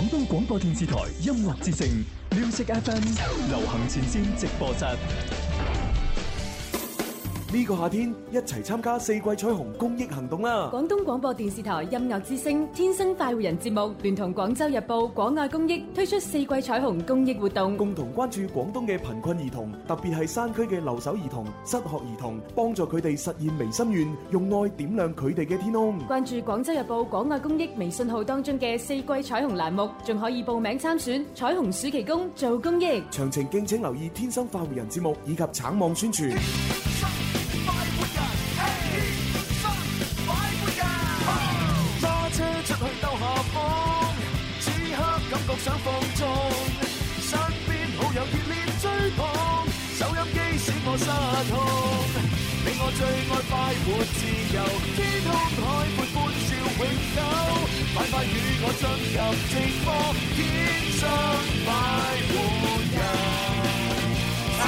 廣東廣播電視台音樂之聲《music FM》流行前線直播室。呢個夏天一齊參加四季彩虹公益行動啦！廣東廣播電視台音樂之聲天生快活人節目聯同廣州日報廣愛公益推出四季彩虹公益活動，共同關注廣東嘅貧困兒童，特別係山區嘅留守兒童、失學兒童，幫助佢哋實現微心願，用愛點亮佢哋嘅天空。關注廣州日報廣愛公益微信號當中嘅四季彩虹欄目，仲可以報名參選彩虹暑期工做公益。詳情敬請留意天生快活人節目以及橙網宣傳。想放縱身邊好友熱烈追捧，收音機使我失控。你我最愛快活自由，天空海闊，歡笑永久，快快與我進入靜謐天生快活人。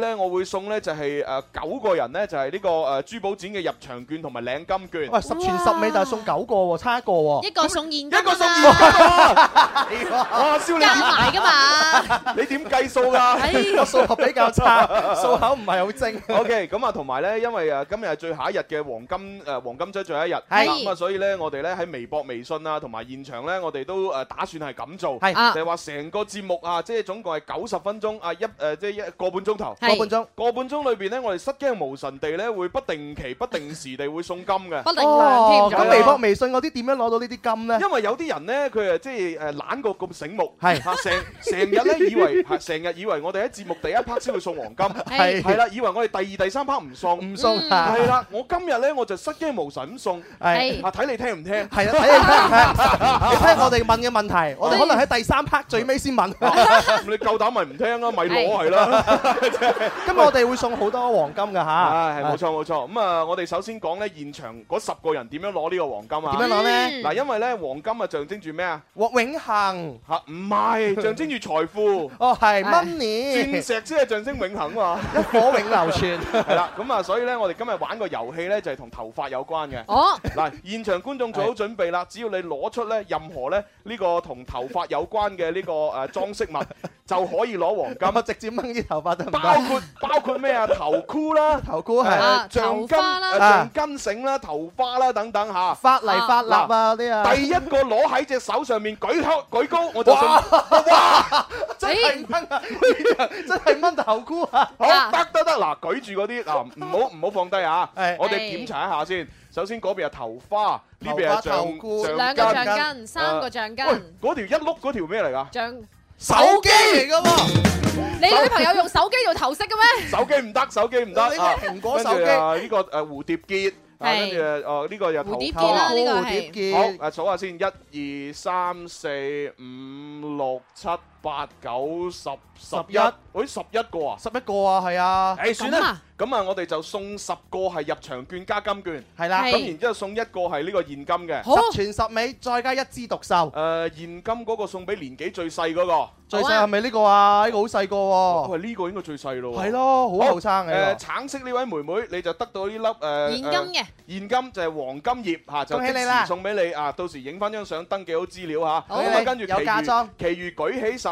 咧，我會送咧就係誒九個人咧，就係呢個誒珠寶展嘅入場券同埋領金券。哇！十全十美，但係送九個喎，差一個喎。一個送現金，一個送現金，哇！笑你點埋㗎嘛？你點計數㗎？呢個數學比較差，數口唔係好精。OK，咁啊，同埋咧，因為啊，今日係最後一日嘅黃金誒黃金週最後一日，係啦，咁啊，所以咧，我哋咧喺微博、微信啊，同埋現場咧，我哋都誒打算係咁做，係就係話成個節目啊，即係總共係九十分鐘啊，一誒即係一個半鐘頭。個半鐘，個半鐘裏邊咧，我哋失驚無神地咧，會不定期、不定時地會送金嘅。哦，咁微博、微信嗰啲，點樣攞到呢啲金咧？因為有啲人咧，佢誒即係誒懶過咁醒目，係吓成成日咧以為吓成日以為我哋喺節目第一 part 先會送黃金，係係啦，以為我哋第二、第三 part 唔送唔送，係啦。我今日咧我就失驚無神咁送，係吓，睇你聽唔聽，係啦，睇你聽唔聽，睇我哋問嘅問題，我哋可能喺第三 part 最尾先問。你夠膽咪唔聽啊，咪攞係啦。今日我哋會送好多黃金噶吓，係係冇錯冇錯。咁啊，我哋首先講咧，現場嗰十個人點樣攞呢個黃金啊？點樣攞咧？嗱，因為咧黃金啊象徵住咩啊？獲永恒吓，唔係象徵住財富。哦，係 money。鑽石先係象徵永恒嘛，一火永流傳。係啦，咁啊，所以咧，我哋今日玩個遊戲咧，就係同頭髮有關嘅。哦。嗱，現場觀眾做好準備啦，只要你攞出咧任何咧呢個同頭髮有關嘅呢個誒裝飾物，就可以攞黃金啊！直接掹啲頭髮得唔得？包括包括咩啊？頭箍啦，頭箍啊，橡筋、橡筋繩啦，頭花啦等等吓，髮泥髮蠟啊嗰啲啊。第一個攞喺隻手上面舉高舉高，我就哇哇，真係掹啊！真係掹頭箍啊！得得得，嗱舉住嗰啲嗱，唔好唔好放低啊！我哋檢查一下先。首先嗰邊係頭花，呢邊係頭箍，兩個橡筋，三個橡筋。嗰條一碌嗰條咩嚟㗎？橡手機嚟㗎喎，你女朋友用手機做頭飾嘅咩？ 手機唔得，手機唔得啊！呢個蘋果手機，這個、啊呢個誒蝴蝶結，跟住誒呢個又、啊、蝴，蝴蝶結啦，呢、這個蝴蝶結。好，坐、啊、下先，一二三四五六七。八九十十一，誒十一個啊，十一個啊，係啊。誒，算啦，咁啊，我哋就送十個係入場券加金券，係啦。咁然之後送一個係呢個現金嘅，十全十美，再加一枝獨秀。誒，現金嗰個送俾年紀最細嗰個，最細係咪呢個啊？呢個好細個喎。係呢個應該最細咯。係咯，好後生嘅。誒，橙色呢位妹妹，你就得到呢粒誒現金嘅現金，就係黃金葉嚇，就即時送俾你啊！到時影翻張相，登記好資料嚇。好咁啊，跟住有嫁妝，其餘，其餘舉起手。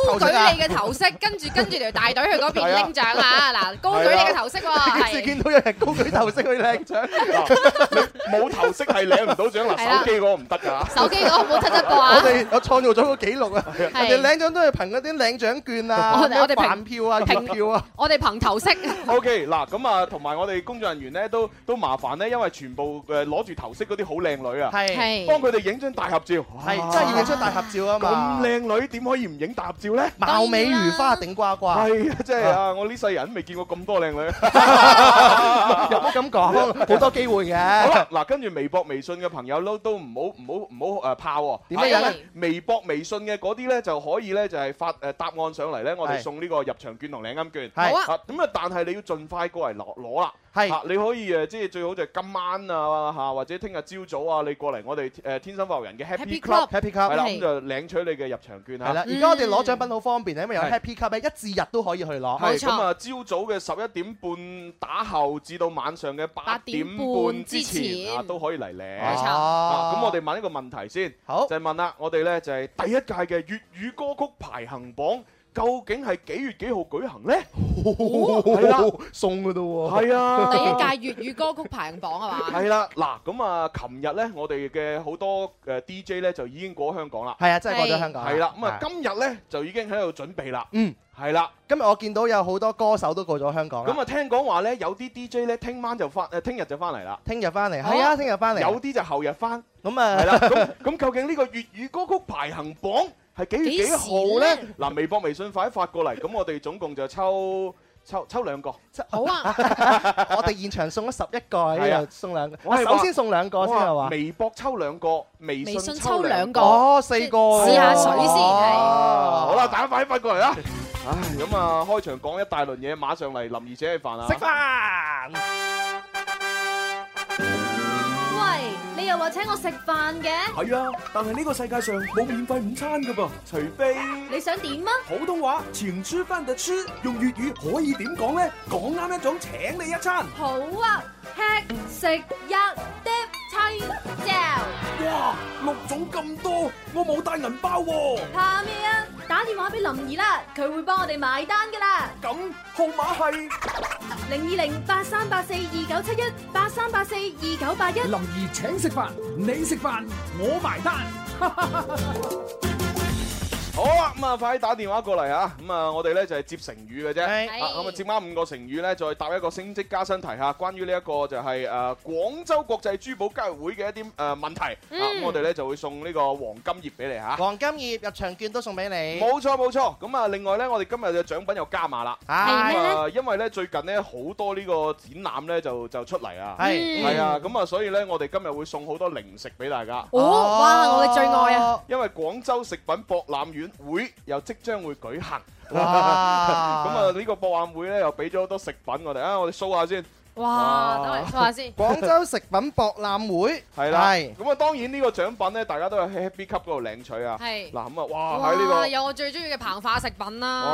高舉你嘅頭飾，跟住跟住條大隊去嗰邊拎獎啊！嗱，高舉你嘅頭飾喎，第一次見到有人高舉頭飾去領獎，你冇頭飾係領唔到獎啦！手機嗰個唔得㗎，手機嗰個冇得得播啊！我哋我創造咗個記錄啊！人哋領獎都係憑嗰啲領獎券啊，我哋憑票啊，憑票啊，我哋憑頭飾。OK，嗱咁啊，同埋我哋工作人員咧都都麻煩咧，因為全部誒攞住頭飾嗰啲好靚女啊，係幫佢哋影張大合照，係真係要影張大合照啊嘛！咁靚女點可以唔影大合照？貌美如花，頂呱呱。係 啊，即、就、係、是、啊，我呢世人未見過咁多靚女。有乜咁講？好多機會嘅。 好啦，嗱，跟住微博、微信嘅朋友都都唔好唔好唔好誒怕喎、喔。點樣咧？啊、微博、微信嘅嗰啲咧就可以咧就係發誒答案上嚟咧，我哋送呢個入場券同領金券。好啊是。咁啊，但係你要盡快過嚟攞攞啦。係，你可以誒，即係最好就今晚啊，吓或者聽日朝早啊，你過嚟我哋誒天生快活人嘅 Happy Club，Happy Club 係啦，咁就領取你嘅入場券吓。係啦，而家我哋攞獎品好方便，因為有 Happy Club 咧，一至日都可以去攞。係咁啊，朝早嘅十一點半打後至到晚上嘅八點半之前啊，都可以嚟領。冇錯。咁我哋問一個問題先，好，就係問啦，我哋咧就係第一屆嘅粵語歌曲排行榜。究竟係幾月幾號舉行呢？係啦，送嘅咯喎。係啊，第一屆粵語歌曲排行榜係嘛？係啦，嗱咁啊，琴日呢，我哋嘅好多誒 DJ 呢就已經過咗香港啦。係啊，真係過咗香港。係啦，咁啊，今日呢就已經喺度準備啦。嗯，係啦，今日我見到有好多歌手都過咗香港啦。咁啊，聽講話呢，有啲 DJ 呢，聽晚就翻，誒聽日就翻嚟啦。聽日翻嚟，係啊，聽日翻嚟。有啲就後日翻。咁啊，係啦。咁究竟呢個粵語歌曲排行榜？係幾月幾號咧？嗱、 啊，微博、微信快啲發過嚟，咁我哋總共就抽抽抽兩個。好啊， 我哋現場送咗十一個，依度送兩個。啊、我係首、啊、先送兩個先啊說說！微博抽兩個，微信，微信抽兩個，哦，四個。試，試下水先，好啦，大家快啲發過嚟啦！唉，咁啊，開場講一大輪嘢，馬上嚟林二姐嘅飯啊！食飯。你又話請我食飯嘅？係啊，但係呢個世界上冇免費午餐噶噃，除非你想點啊？普通話錢出翻就出，用粵語可以點講咧？講啱一種，請你一餐。好啊，吃食一的親召。哇，六種咁多，我冇帶銀包喎、啊。怕咩啊？打電話俾林兒啦，佢會幫我哋埋單噶啦。咁號碼係零二零八三八四二九七一八三八四二九八一。71, 林兒請。食飯，你食飯，我埋單。 好啦，咁啊，快啲打電話過嚟啊！咁啊，我哋咧就係接成語嘅啫，咁啊接啱五個成語咧，再答一個升職加薪題嚇。關於呢一個就係誒廣州國際珠寶交易會嘅一啲誒問題，咁我哋咧就會送呢個黃金葉俾你嚇，黃金葉入場券都送俾你，冇錯冇錯。咁啊，另外咧，我哋今日嘅獎品又加埋啦，咁啊，因為咧最近咧好多呢個展覽咧就就出嚟啊，係啊，咁啊，所以咧我哋今日會送好多零食俾大家。哦，哇！我嘅最愛啊，因為廣州食品博覽園。會又即將會舉行，咁啊呢個博覽會咧又俾咗好多食品我哋啊，我哋掃下先。哇，等我掃下先。廣州食品博覽會係啦，係，咁啊當然呢個獎品咧，大家都有喺 B 級嗰度領取啊。係，嗱咁啊，哇喺呢個有我最中意嘅膨化食品啦，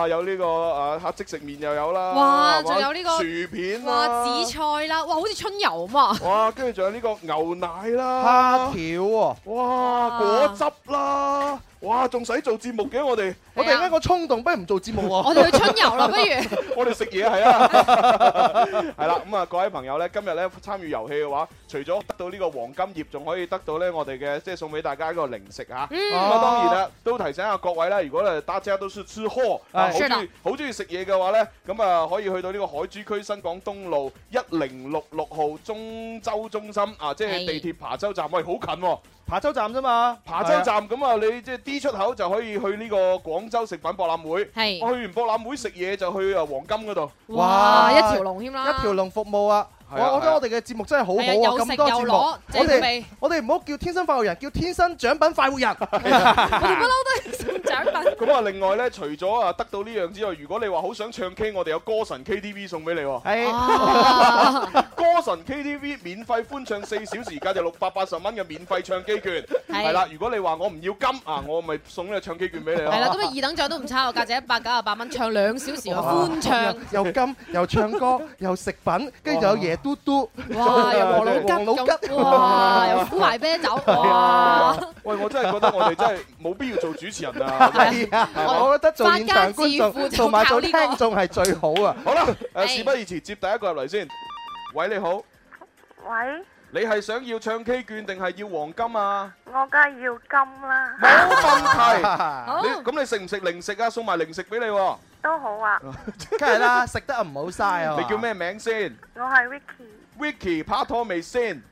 哇有呢個啊即食麵又有啦，哇仲有呢個薯片哇，紫菜啦，哇好似春遊咁啊，哇跟住仲有呢個牛奶啦、蝦條、哇果汁啦。哇，仲使做節目嘅我哋，我突然間個衝動，不如唔做節目喎。我哋去春遊啦，不如。我哋食嘢係啊，係啦。咁啊，各位朋友呢，今日呢參與遊戲嘅話，除咗得到呢個黃金葉，仲可以得到呢我哋嘅即係送俾大家一個零食嚇。咁啊當然啦，都提醒下各位啦，如果咧大家都算算呵，好中意好中意食嘢嘅話呢，咁啊可以去到呢個海珠區新港東路一零六六號中洲中心啊，即係地鐵琶洲站喂，好近喎，琶洲站啫嘛，琶洲站咁啊你即係。啲出口就可以去呢個廣州食品博覽會是，去完博覽會食嘢就去啊黃金嗰度，哇，哇一條龍添啦，一條龍服務啊！我、啊、我覺得我哋嘅節目真係、啊啊、好好啊！咁多節目，我哋我哋唔好叫天生快活人，叫天生獎品快活人我。啊、我哋不嬲都係送獎品。咁啊，另外咧，除咗啊得到呢樣之外，如果你話好想唱 K，我哋有歌神 KTV 送俾你喎。係。歌神 KTV 免費歡唱四小時，價值六百八十蚊嘅免費唱機券。係啦，如果你話我唔要金啊，我咪送呢個唱機券俾你咯。係啦，咁啊二等獎都唔差喎，價值一百九十八蚊，唱兩小時嘅歡唱，又金又唱歌又食品，跟住又有嘢。嘟嘟，哇又王老吉，哇又敷埋啤酒，哇！喂，我真係覺得我哋真係冇必要做主持人啊！係啊，我覺得做現場觀眾，同埋做聽眾係最好啊！好啦，誒事不宜遲，接第一個入嚟先。喂，你好，喂，你係想要唱 K 券定係要黃金啊？我梗係要金啦！冇問題，你咁你食唔食零食啊？送埋零食俾你喎。都好啊，梗係啦，食得啊，唔好嘥啊！你叫咩名先？我係 Vicky。Vicky 拍拖未先？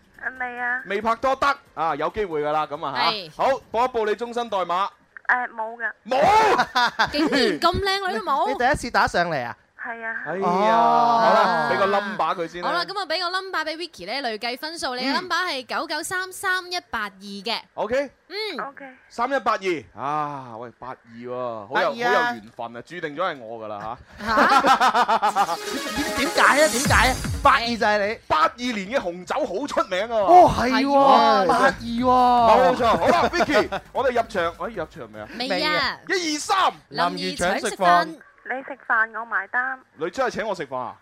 未啊。未拍拖得啊，有機會噶啦，咁啊吓。好，報一報你終身代碼。誒，冇噶。冇？竟然咁靚女都冇？你第一次打上嚟啊？係啊，係啊，好啦，俾個 number 佢先啦。好啦，咁啊，俾個 number 俾 Vicky 咧，累計分數。你嘅 number 係九九三三一八二嘅。OK，嗯，OK，三一八二啊，喂，八二喎，好有好有緣分啊，注定咗係我噶啦吓。點點解啊？點解啊？八二就係你，八二年嘅紅酒好出名啊。哦，係喎，八二喎，冇錯。好啦，Vicky，我哋入場，我哋入場未啊？未啊。一二三，林如請食飯。你食飯我埋單。你真係請我食飯啊？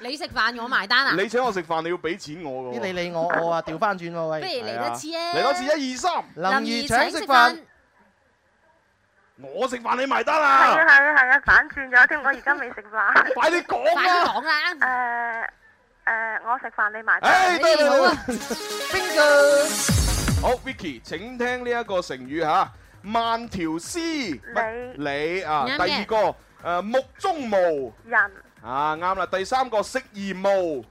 你食飯我埋單啊？你請我食飯，你要俾錢我噶。你理我我啊調翻轉個位。不如嚟多次咧。嚟多次一二三。林如請食飯。我食飯你埋單啊？係啊，係啊，係啊，反轉咗添。我而家未食飯。快啲講啦。快啲講啦。誒誒，我食飯你埋單。哎，得啦。邊個？好，Vicky，請聽呢一個成語吓。慢條斯，你你啊，第二個誒目中無人，啊啱啦，第三個食而無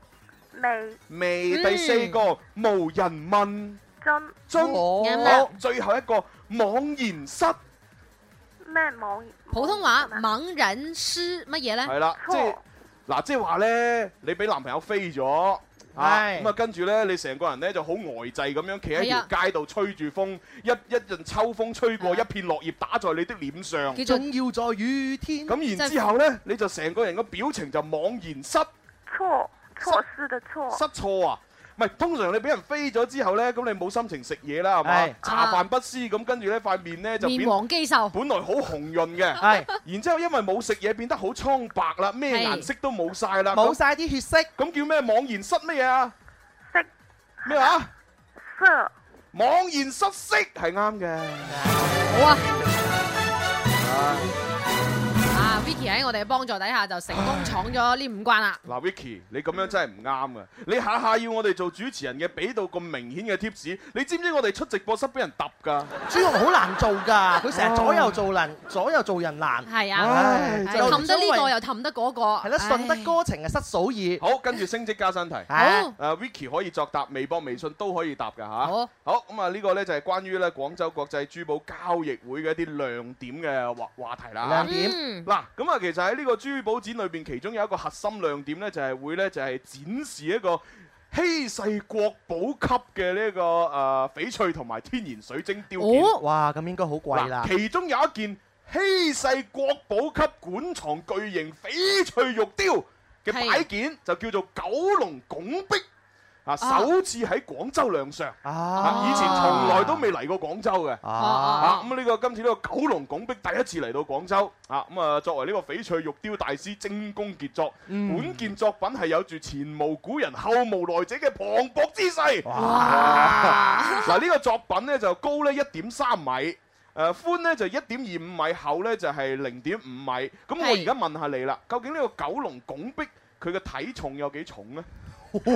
味，味，第四個無人問津，津，好，最後一個惘然失咩惘？普通話惘然失乜嘢咧？係啦，即係嗱，即係話咧，你俾男朋友飛咗。啊！咁、嗯、啊，跟住咧，你成個人咧就好呆滯咁樣，企喺條街度吹住風，一一陣秋風吹過， 一片落葉打在你的臉上，總要在雨天。咁、 嗯 嗯、然之後咧，你就成個人嘅表情就茫然失錯錯失的錯失錯啊！唔係，通常你俾人飛咗之後咧，咁你冇心情食嘢啦，係咪？茶飯不思，咁，跟住咧塊面咧就面黃肌瘦，本來好紅潤嘅，係。然之後因為冇食嘢，變得好蒼白啦，咩顏色都冇晒啦，冇晒啲血色。咁叫咩？惘然失乜嘢啊？色咩話？色，惘然失色係啱嘅。好啊。Vicky 喺我哋嘅幫助底下就成功闖咗呢五關啦。嗱，Vicky，你咁樣真係唔啱噶。你下下要我哋做主持人嘅，俾到咁明顯嘅 tips，你知唔知我哋出直播室俾人揼噶？朱紅好難做噶，佢成日左右做人，左右做人難。係啊，就冚得呢個又揼得嗰個。係啦，順得哥情嘅失嫂意。好，跟住升職加薪題。好，誒，Vicky 可以作答，微博、微信都可以答噶嚇。好，好咁啊，呢個咧就係關於咧廣州國際珠寶交易會嘅一啲亮點嘅話話題啦。亮點嗱。咁啊、嗯，其實喺呢個珠寶展裏邊，其中有一個核心亮點咧，就係、是、會咧就係、是、展示一個稀世國寶級嘅呢、這個誒、呃、翡翠同埋天然水晶雕件。哦、哇，咁應該好貴啦！其中有一件稀世國寶級館藏巨型翡翠玉雕嘅擺件，的就叫做九龍拱璧。啊！首次喺廣州亮相，啊！以前從來都未嚟過廣州嘅，啊！咁呢個今次呢個九龍拱璧第一次嚟到廣州，啊！咁啊作為呢個翡翠玉雕大師精工傑作，本件作品係有住前無古人後無來者嘅磅礴之勢。哇！嗱，呢個作品呢就高呢一點三米，誒寬呢就一點二五米，厚呢就係零點五米。咁我而家問下你啦，究竟呢個九龍拱璧佢嘅體重有幾重呢？咁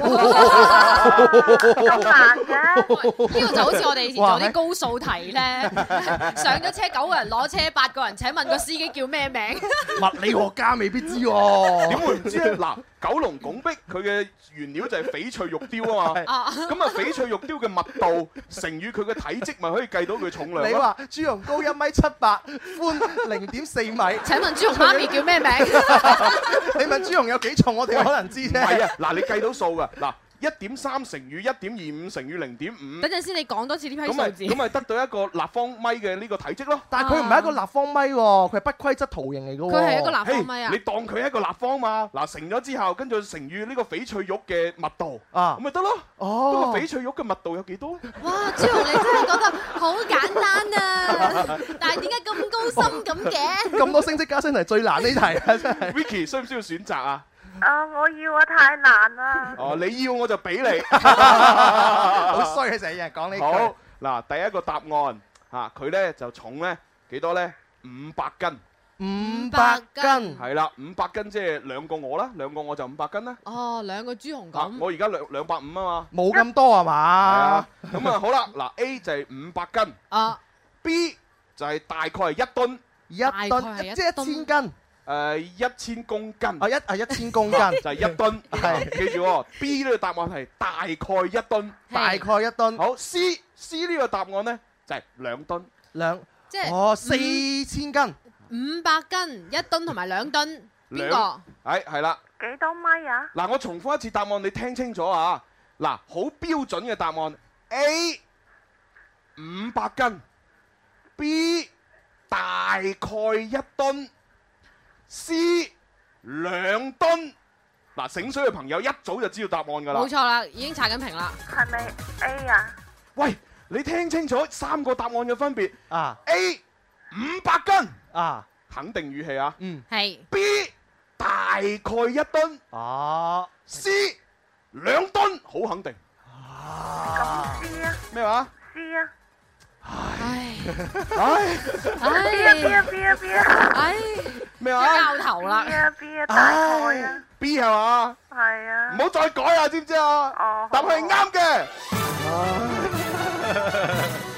哇哇難嘅、啊，呢、這個就好似我哋以前做啲高數題咧，哇 上咗車九個人攞車，八個人，請問個司機叫咩名？物理學家未必知喎、啊。點 會唔知？嗱， 九龍拱璧佢嘅原料就係翡翠玉雕啊嘛。咁啊，翡翠玉雕嘅密度乘以佢嘅體積，咪可以計到佢重量。你話，朱紅高一米七八，寬零點四米，請問朱紅媽咪叫咩名？ 你問朱紅有幾重，我哋可能知啫。係啊，嗱，你計到。數噶嗱，一點三乘以一點二五乘以零點五。等陣先，你講多次呢批數字。咁咪得到一個立方米嘅呢個體積咯。但係佢唔係一個立方米喎，佢係不規則圖形嚟嘅。佢係一個立方米啊！你當佢係一個立方嘛？嗱，成咗之後，跟住乘以呢個翡翠玉嘅密度啊，咁咪得咯。哦，翡翠玉嘅密度有幾多咧？哇！朱紅，你真係講得好簡單啊！但係點解咁高深咁嘅？咁多升級加升係最難呢題啊！真係。Vicky，需唔需要選擇啊？啊！我要啊，太難啦！哦，你要我就俾你，好衰啊！成日講呢句。好嗱，第一個答案吓，佢咧就重咧幾多咧？五百斤。五百斤。係啦，五百斤即係兩個我啦，兩個我就五百斤啦。哦，兩個豬紅咁。我而家兩兩百五啊嘛。冇咁多係嘛。係啊。咁啊好啦，嗱 A 就係五百斤。啊。B 就係大概係一噸。一噸，即係一千斤。誒，一千公斤，啊一啊一千公斤就係一噸，係記住，B 呢個答案係大概一噸，大概一噸。好，C C 呢個答案呢就係兩噸，兩即係哦四千斤，五百斤，一噸同埋兩噸，兩，係係啦，幾多米啊？嗱，我重複一次答案，你聽清楚啊！嗱，好標準嘅答案 A 五百斤，B 大概一噸。C 兩噸，嗱、啊、醒水嘅朋友一早就知道答案㗎喇。冇錯啦，已經刷緊屏啦。係咪 A 啊？喂，你聽清楚三個答案嘅分別啊？A 五百斤啊，A, 斤啊肯定語氣啊。嗯，係。B 大概一噸。哦、啊。C 兩噸，好肯定。啊。咁 C 啊？咩話？C 啊。唉，唉，B 啊 B 啊 B 啊 B 啊，唉，咩話？交頭啦，B 啊 B 啊，大愛啊，B 係嘛？係啊，唔好再改啊，知唔知啊？哦，但係啱嘅。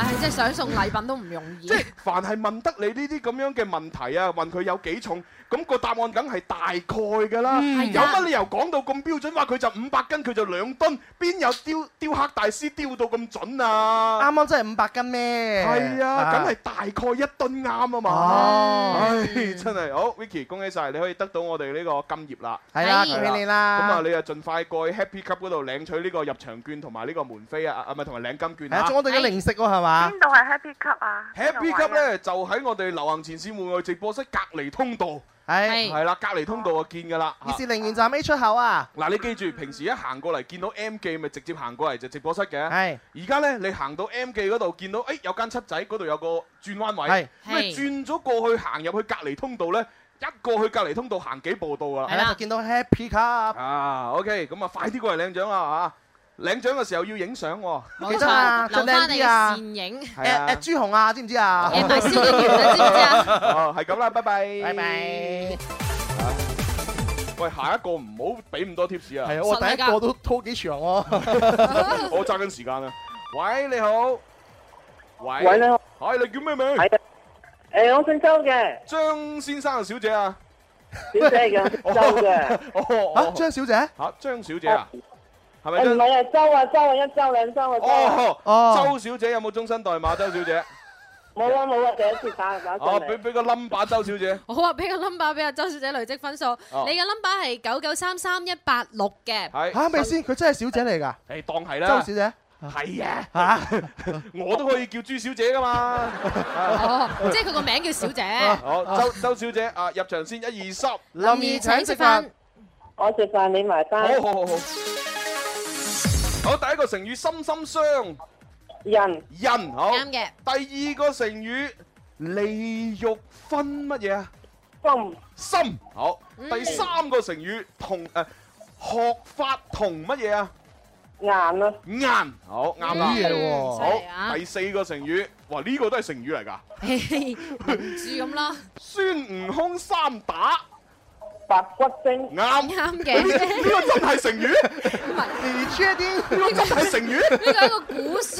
唉，即係想送禮品都唔容易。即係凡係問得你呢啲咁樣嘅問題啊，問佢有幾重，咁個答案梗係大概㗎啦。有乜理由講到咁標準？話佢就五百斤，佢就兩噸，邊有雕雕刻大師雕到咁準啊？啱啱真係五百斤咩？係啊，梗係大概一噸啱啊嘛。哦，真係好，Vicky 恭喜晒你可以得到我哋呢個金葉啦。係啊，俾你啦。咁啊，你啊盡快過去 Happy Cup 嗰度領取呢個入場券同埋呢個門飛啊，啊唔係同埋領金券啊。我哋嘅零食喎，係嘛？邊度係 Happy Cup 啊？Happy Cup 咧就喺我哋流行前綫戶外直播室隔離通道，係係啦，隔離通道就見噶啦。烈士陵園站 A 出口啊。嗱，你記住，平時一行過嚟，見到 M 記咪直接行過嚟就直播室嘅。係而家咧，你行到 M 記嗰度見到誒有間七仔，嗰度有個轉彎位，咁啊轉咗過去行入去隔離通道咧，一過去隔離通道行幾步到噶啦。係啦，見到 Happy Cup 啊，OK，咁啊快啲過嚟領獎啦，吓！領獎嘅時候要影相，記得留翻嚟啊！攝影，誒誒，朱紅啊，知唔知啊？唔係蕭敬堯啊，知唔知啊？哦，係咁啦，拜拜，拜拜。吓，喂，下一個唔好俾咁多貼士啊！係啊，我第一個都拖幾長哦，我揸緊時間啊！喂，你好，喂，你好，係你叫咩名？誒，我姓周嘅。張先生、小姐啊？小姐嘅，周嘅。吓，張小姐？吓，張小姐啊？係咪真？唔係啊，周啊，周啊，一周兩周啊。哦，周小姐有冇終身代碼？周小姐，冇啊冇啊，第一次打係嘛？哦，俾俾個 number，周小姐。好啊，俾個 number 俾阿周小姐累積分數。你個 number 係九九三三一八六嘅。係吓咪先？佢真係小姐嚟噶？誒，當係啦。周小姐。係呀。吓，我都可以叫朱小姐噶嘛。哦，即係佢個名叫小姐。好，周周小姐啊，入場先一二十。林怡，請食飯。我食飯，你埋單。好好好好。好，第一個成語心心相，人人，人，好啱嘅。第二個成語利欲分乜嘢啊？心心，好。嗯、第三個成語同誒、呃、學法同乜嘢啊？硬啊，硬，好啱啦。嗯、好，第四個成語，哇呢、這個都係成語嚟噶。唔知咁啦。孫悟空三打。白骨精啱啱嘅呢個真係成語，細啲呢個真係 成語，呢個係一個古書。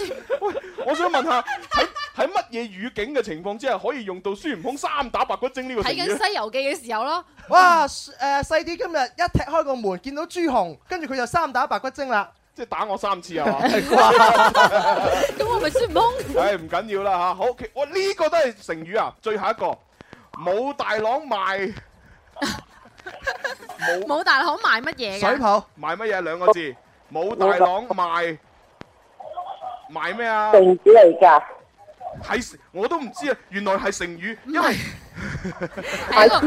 喂，我想問下喺喺乜嘢語境嘅情況之下可以用到孫悟空三打白骨精呢個成語？睇緊《西遊記》嘅時候咯。哇，誒、呃，細啲今日一踢開個門，見到朱紅，跟住佢就三打白骨精啦。即係打我三次啊？咁我咪孫悟空？誒，唔緊要啦吓，好，我呢、這個都係成語啊。最後一個武大郎賣。 冇 大郎賣乜嘢？水泡賣乜嘢？兩個字，冇大郎賣賣咩啊？成語嚟噶，係我都唔知啊！原來係成語，因為係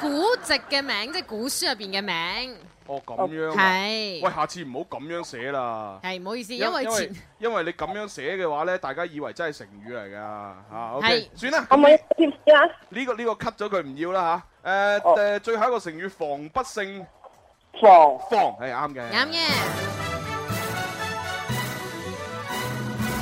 古籍嘅名，即係古書入邊嘅名。哦，咁樣，係，喂，下次唔好咁樣寫啦。係，唔好意思，因為因為你咁樣寫嘅話咧，大家以為真係成語嚟噶吓。係，算啦，我唔好貼先啦。呢個呢個 cut 咗佢，唔要啦吓。誒誒，最後一個成語防不勝防，防係啱嘅。啱嘅！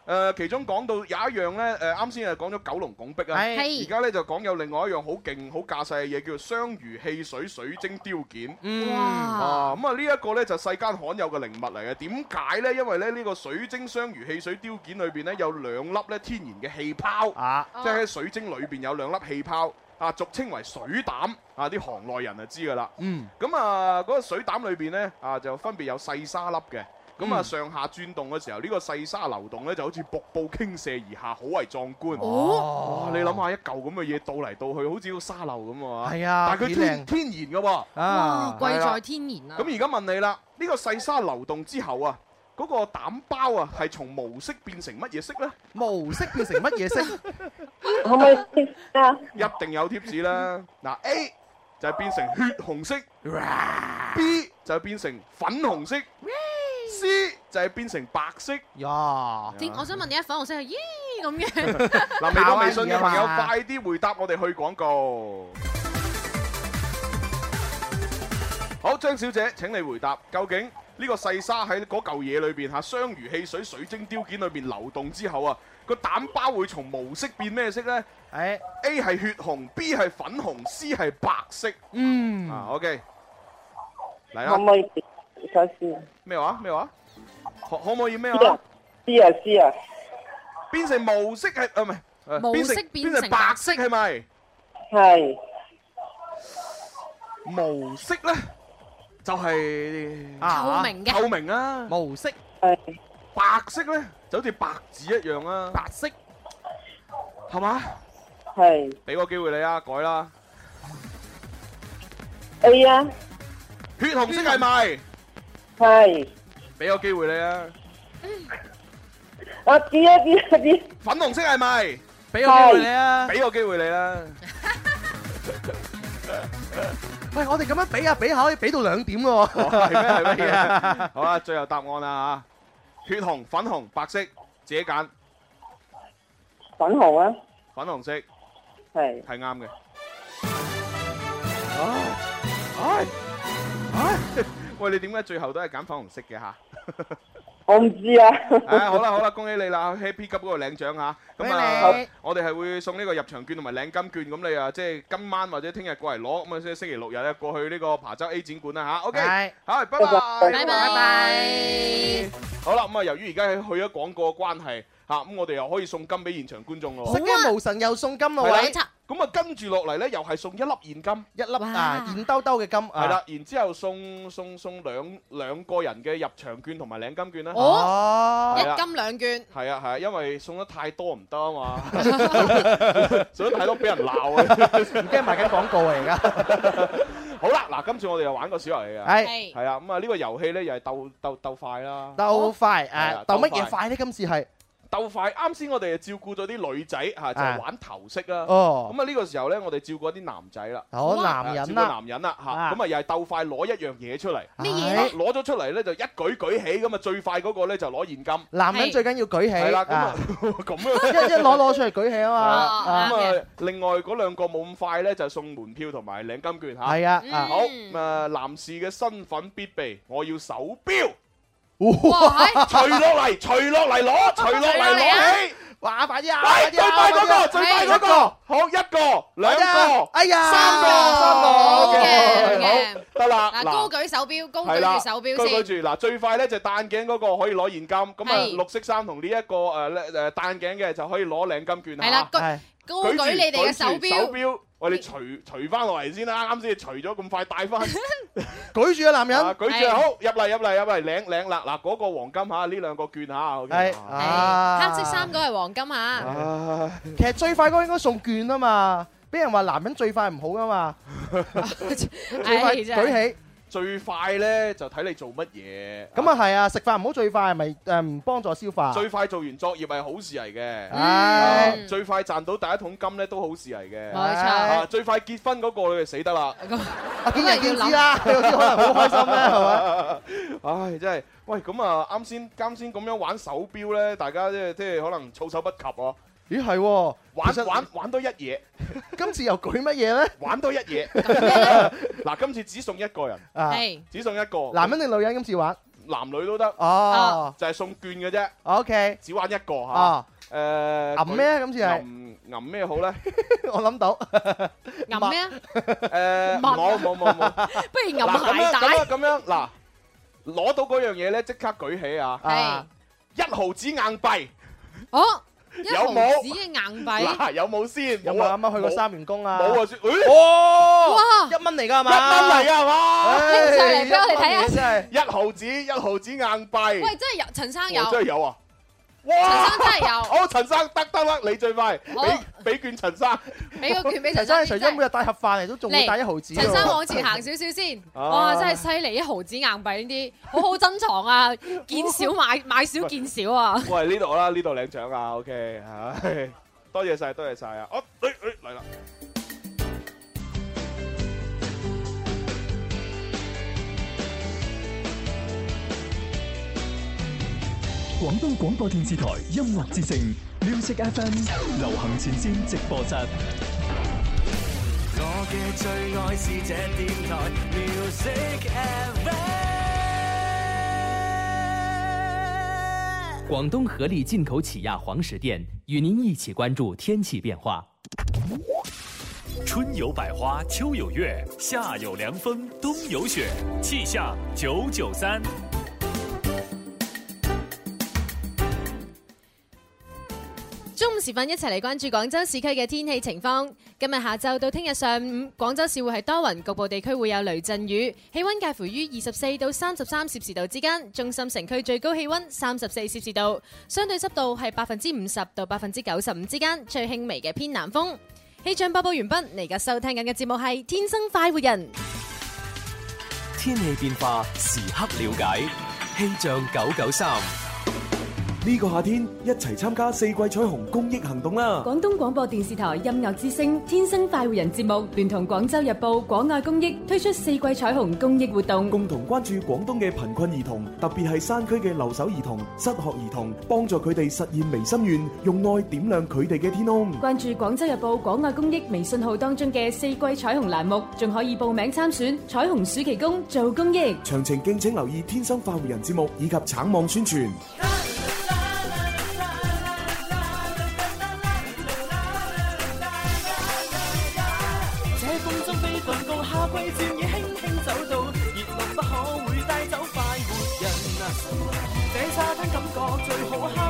誒、呃，其中講到有一樣咧，誒、呃，啱先誒講咗九龍拱壁啊，而家咧就講有另外一樣好勁、好架勢嘅嘢，叫做雙魚汽水水晶雕件。嗯啊，咁、嗯嗯、啊呢、嗯、一個咧就是、世間罕有嘅靈物嚟嘅。點解咧？因為咧呢、呢個水晶雙魚汽水雕件裏邊咧有兩粒咧天然嘅氣泡，即係、啊、喺水晶裏邊有兩粒氣泡，啊，俗稱為水膽，啊，啲行內人就知噶啦、啊。嗯，咁啊嗰個水膽裏邊咧啊就分別有細沙、啊啊、粒嘅。咁啊，上下轉動嘅時候，呢個細沙流動咧，就好似瀑布傾瀉而下，好為壯觀。哦，你諗下，一嚿咁嘅嘢倒嚟倒去，好似個沙漏咁啊。係啊，但係佢天然天然嘅。啊，貴在天然啊！咁而家問你啦，呢個細沙流動之後啊，嗰個膽包啊，係從無色變成乜嘢色呢？無色變成乜嘢色？可唔可以啊？一定有貼紙啦。嗱，A 就係變成血紅色，B 就變成粉紅色。C 就係變成白色呀？我想問你，粉紅色係咦咁嘅？嗱，未打微信嘅朋友，快啲回答我哋去廣告。好，張小姐，請你回答，究竟呢個細沙喺嗰嚿嘢裏邊吓，雙魚汽水水晶雕件裏邊流動之後啊，個蛋包會從無色變咩色呢？誒，A 係血紅，B 係粉紅，C 係白色。嗯，OK，嚟啦。開視啊！咩話咩話？可可唔可以咩話？C 啊 C 啊！變成無色係啊唔係？無色變成白色係咪？係。無色咧就係啊啊！透明嘅透明啊！無色係白色咧就好似白紙一樣啊！白色係嘛？係。俾個機會你啊，改啦。A 啊！血紅色係咪？係，俾個機會你啊！我點啊點啊點！粉紅色係咪？俾個機會你啊！俾個機會你啦！喂，我哋咁樣比啊比下，可以比到兩點喎！係咩嚟嘅？好啦，最後答案啦吓，血紅、粉紅、白色，自己揀。粉紅啊！粉紅色係係啱嘅。哎哎哎！喂，你點解最後都係揀粉紅色嘅嚇？ 我唔知啊。 啊，好啦好啦，恭喜你啦，Happy 急嗰個領獎嚇。咁啊，我哋係會送呢個入場券同埋領金券。咁你啊，即係今晚或者聽日過嚟攞。咁啊，星期六日咧過去呢個琶洲 A 展館啦吓、啊、OK，對好，拜拜，拜拜。拜拜好啦，咁啊，由於而家去咗廣告嘅關係。啊咁，我哋又可以送金俾現場觀眾咯。食雞無神又送金咯喎！咁啊，跟住落嚟咧，又係送一粒現金，一粒啊現兜兜嘅金。係啦，然之後送送送兩兩個人嘅入場券同埋領金券啦。哦，一金兩券。係啊係啊，因為送得太多唔得啊嘛，所以太多俾人鬧啊，唔驚賣緊廣告啊而家。好啦，嗱，今次我哋又玩個小遊戲啊。係。係啊，咁啊，呢個遊戲咧又係鬥鬥鬥快啦。鬥快，誒，鬥乜嘢快咧？今次係？鬥快！啱先我哋就照顧咗啲女仔嚇，就玩頭飾啊。哦，咁啊呢個時候咧，我哋照顧一啲男仔啦。好男人啦，照顧男人啦嚇。咁啊又係鬥快攞一樣嘢出嚟。咩嘢攞咗出嚟咧就一舉舉起，咁啊最快嗰個咧就攞現金。男人最緊要舉起。係啦，咁樣，一一攞攞出嚟舉起啊嘛。咁啊，另外嗰兩個冇咁快咧，就送門票同埋領金券嚇。係啊，好咁啊，男士嘅身份必備，我要手錶。哇！除落嚟，除落嚟攞，除落嚟攞起。哇！快啲啊！快啲啊！最快嗰個，最快嗰個。好，一個，兩個，哎呀，三個，三個。O K，好，得啦。嗱，高舉手錶，高舉手錶先。舉住嗱，最快咧就戴眼鏡嗰個可以攞現金，咁啊綠色衫同呢一個誒誒戴眼鏡嘅就可以攞領金券啊。係啦，係。舉你哋嘅手錶，我哋除除翻落嚟先啦，啱先除咗咁快戴翻，舉住嘅男人，舉住好，入嚟入嚟入嚟，領領啦，嗱嗰個黃金吓，呢兩個券吓，係黑色衫嗰個係黃金吓，其實最快嗰個應該送券啊嘛，俾人話男人最快唔好噶嘛，最快舉起。最快呢，就睇你做乜嘢，咁啊係啊，食飯唔好最快係咪誒唔幫助消化？最快做完作業係好事嚟嘅，嗯嗯、最快賺到第一桶金呢，都好事嚟嘅，冇錯。最快結婚嗰個你就死得啦，邊日 要諗啊？有啲可能好開心咧，係 嘛？唉，真 係、 哎，喂，咁啊，啱先，啱先咁樣玩手錶呢，大家即係即係可能措手不及哦。咦係，玩玩玩多一嘢，今次又舉乜嘢咧？玩多一嘢，嗱，今次只送一個人，係，只送一個，男人定女人今次玩？男女都得，哦，就係送券嘅啫。O K，只玩一個吓，誒，揞咩啊？今次係揞咩好咧？我諗到，揞咩啊？誒，冇冇冇冇，不如揞鞋帶，咁樣嗱，攞到嗰樣嘢咧，即刻舉起啊！係，一毫子硬幣。哦。硬幣有冇？嗱，有冇先？有啊，啱啱去過三元宮啊。冇啊，誒、啊，哇，哇、哎，一蚊嚟㗎係嘛？一蚊嚟㗎係嘛？呢個嚟俾我哋睇下先。一毫子，一毫子硬幣。喂，真係有，陳生有。哦、真係有啊。哇！陳生真係有，好、哦，陳生得得啦，你最快，俾俾好券陳生，俾個券俾陳生。 陳生每日帶盒飯嚟都仲好帶一毫子。陳生往前行少少先， 哇！真係犀利，一毫 子硬幣呢啲，好好珍藏啊， 見少買買少見少啊。 喂，呢度啦，呢度領獎啊，OK，係， 多謝晒！多謝晒！啊，我、哎，誒誒，嚟啦。廣東廣播電視台音樂之聲 music FM 流行前線直播室。我嘅最愛是這電台。廣東合力進口起亞黃石店，與您一起關注天氣變化。春有百花，秋有月，夏有涼風，冬有雪，氣象九九三。 中午時分，一齊嚟關注廣州市區嘅天氣情況。今日下晝到聽日上午，廣州市會係多雲，局部地區會有雷陣雨。氣溫介乎於二十四到三十三攝氏度之間，中心城區最高氣溫三十四攝氏度，相對濕度係百分之五十到百分之九十五之間，最輕微嘅偏南風。氣象播報完畢，你而家收聽緊嘅節目係《天生快活人》，天氣變化時刻了解，氣象九九三。呢個夏天一齊參加四季彩虹公益行動啦！廣東廣播電視台音樂之聲天生快活人節目聯同廣州日報廣愛公益推出四季彩虹公益活動，共同關注廣東嘅貧困兒童，特別係山區嘅留守兒童、失學兒童，幫助佢哋實現微心願，用愛點亮佢哋嘅天空。關注廣州日報廣愛公益微信號當中嘅四季彩虹欄目，仲可以報名參選彩虹暑期工做公益。詳情敬請留意天生快活人節目以及橙網宣傳。啊這沙灘感覺最好。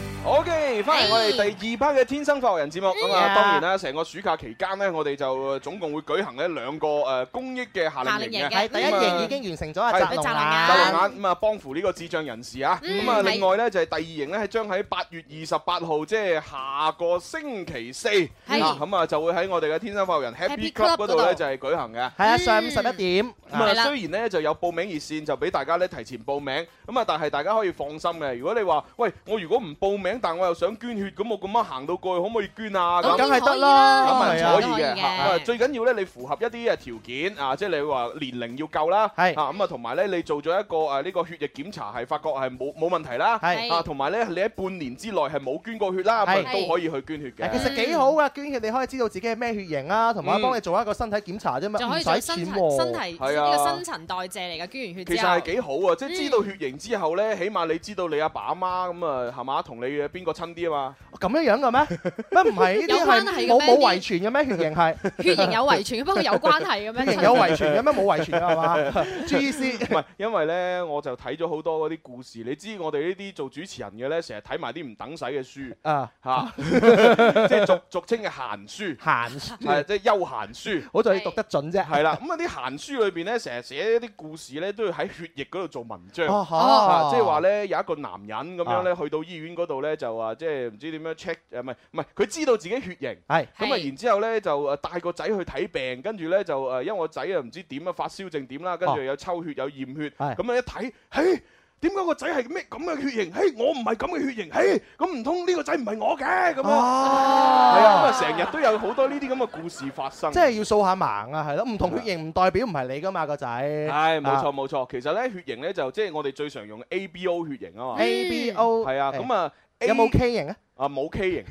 OK，返嚟，我哋第二班嘅天生發育人節目。咁啊，當然啦，成個暑假期間呢，我哋就總共會舉行呢兩個誒公益嘅夏令營嘅。第一營已經完成咗啊，集集零嘅。咁啊，幫扶呢個智障人士啊。咁啊，另外呢，就係第二營呢，將喺八月二十八號，即係下個星期四咁啊，就會喺我哋嘅天生發育人 Happy Club 度呢，就係舉行嘅。係啊，上午十一點。咁啊，雖然呢，就有報名熱線，就俾大家呢，提前報名。咁啊，但係大家可以放心嘅。如果你話喂，我如果唔報名，但我又想捐血，咁我咁樣行到過去，可唔可以捐啊？咁梗係得啦，咁係可以嘅。最緊要咧，你符合一啲誒條件啊，即係你話年齡要夠啦，嚇咁啊，同埋咧你做咗一個誒呢個血液檢查係發覺係冇冇問題啦，嚇同埋咧你喺半年之內係冇捐過血啦，都可以去捐血嘅。其實幾好啊捐血，你可以知道自己係咩血型啊，同埋幫你做一個身體檢查啫嘛，就可以使身體身體呢個新陳代謝嚟嘅，捐完血之後其實係幾好啊，即係知道血型之後咧，起碼你知道你阿爸阿媽咁啊係嘛同你。邊個親啲啊嘛？咁樣樣嘅咩？乜唔係呢啲係冇冇遺傳嘅咩？血型係血型有遺傳，不過有關係嘅咩？有遺傳嘅咩？冇遺傳嘅係嘛？黐線，唔係，因為咧我就睇咗好多嗰啲故事。你知我哋呢啲做主持人嘅咧，成日睇埋啲唔等使嘅書啊嚇，即係俗俗稱嘅閒書，閒書即係休閒書，好似你讀得準啫。係啦，咁啊啲閒書裏邊咧，成日寫啲故事咧，都要喺血液嗰度做文章，即係話咧有一個男人咁樣咧去到醫院嗰度咧。就話即係唔知點樣 check 誒，唔係唔係佢知道自己血型，咁啊然之後咧就誒帶個仔去睇病，跟住咧就誒因為我仔啊唔知點啊發燒症點啦，跟住有抽血有驗血，咁樣一睇，嘿點解個仔係咩咁嘅血型？嘿我唔係咁嘅血型，嘿咁唔通呢個仔唔係我嘅咁啊？係啊，咁啊成日都有好多呢啲咁嘅故事發生，即係要掃下盲啊，係咯，唔同血型唔代表唔係你噶嘛個仔，係冇錯冇錯，其實咧血型咧就即係我哋最常用 A B O 血型啊嘛，A B O 係啊，咁啊。有冇 K 型啊？啊，冇 K 型。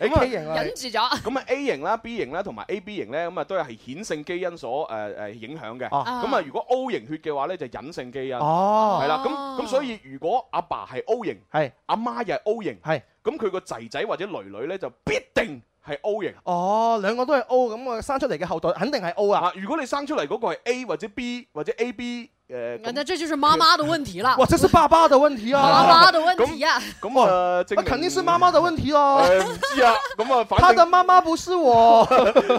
K 型忍住咗。咁啊，A 型啦、B 型啦，同埋 A B 型咧，咁啊都係係顯性基因所誒誒影響嘅。咁啊，如果 O 型血嘅話咧，就隱性基因。哦，係啦。咁咁所以如果阿爸係 O 型，係阿媽又係 O 型，係咁佢個仔仔或者女女咧就必定係 O 型。哦，兩個都係 O，咁我生出嚟嘅後代肯定係 O 啊。如果你生出嚟嗰個係 A 或者 B 或者 A B。誒，那這就是媽媽嘅問題啦。哇，這是爸爸嘅問題啊。爸爸嘅問題啊！咁啊，那肯定係媽媽嘅問題咯。唔知啊，咁啊，反正，佢嘅媽媽不是我。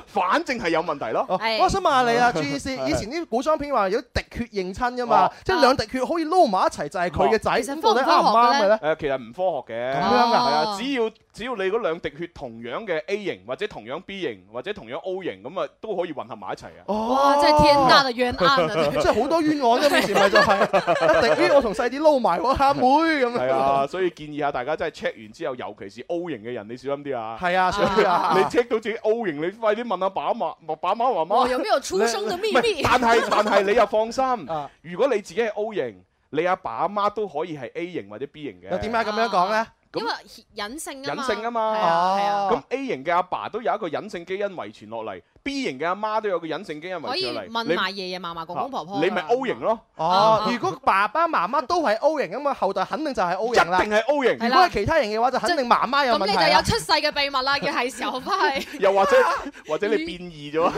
反正係有問題咯。係。我想問下你啊，主持人，以前啲古裝片話有滴血認親噶嘛？即係兩滴血可以撈埋一齊就係佢嘅仔，或者阿媽嘅咧？誒，其實唔科學嘅。咁樣噶，係啊，只要。只要你嗰兩滴血同樣嘅 A 型或者同樣 B 型或者同樣 O 型咁啊都可以混合埋一齊啊！哦，真係天大嘅冤案啊！真係好 多冤案啫！嗰時咪就係、是、一滴血我同細啲撈埋喎，阿妹咁。係啊，所以建議下大家真係 check 完之後，尤其是 O 型嘅人，你小心啲啊！係啊，啊所以啊，你 check 到自己 O 型，你快啲問阿爸阿媽、阿爸媽媽媽。有沒有出生的秘密？但係 但係你又放心，啊、如果你自己係 O 型，你阿爸阿媽都可以係 A 型或者 B 型嘅。又點解咁樣講呢？咁啊隱性啊嘛，咁 A 型嘅阿爸都有一個隱性基因遺傳落嚟。B 型嘅阿媽都有個隱性基因遺傳嚟，可以問埋爺爺嫲嫲、公公婆婆。你咪 O 型咯。哦，如果爸爸媽媽都係 O 型，咁個後代肯定就係 O 型啦。一定係 O 型。如果係其他型嘅話，就肯定媽媽有問題。咁你就有出世嘅秘密啦，要係時候翻去。又或者，或者你變異咗？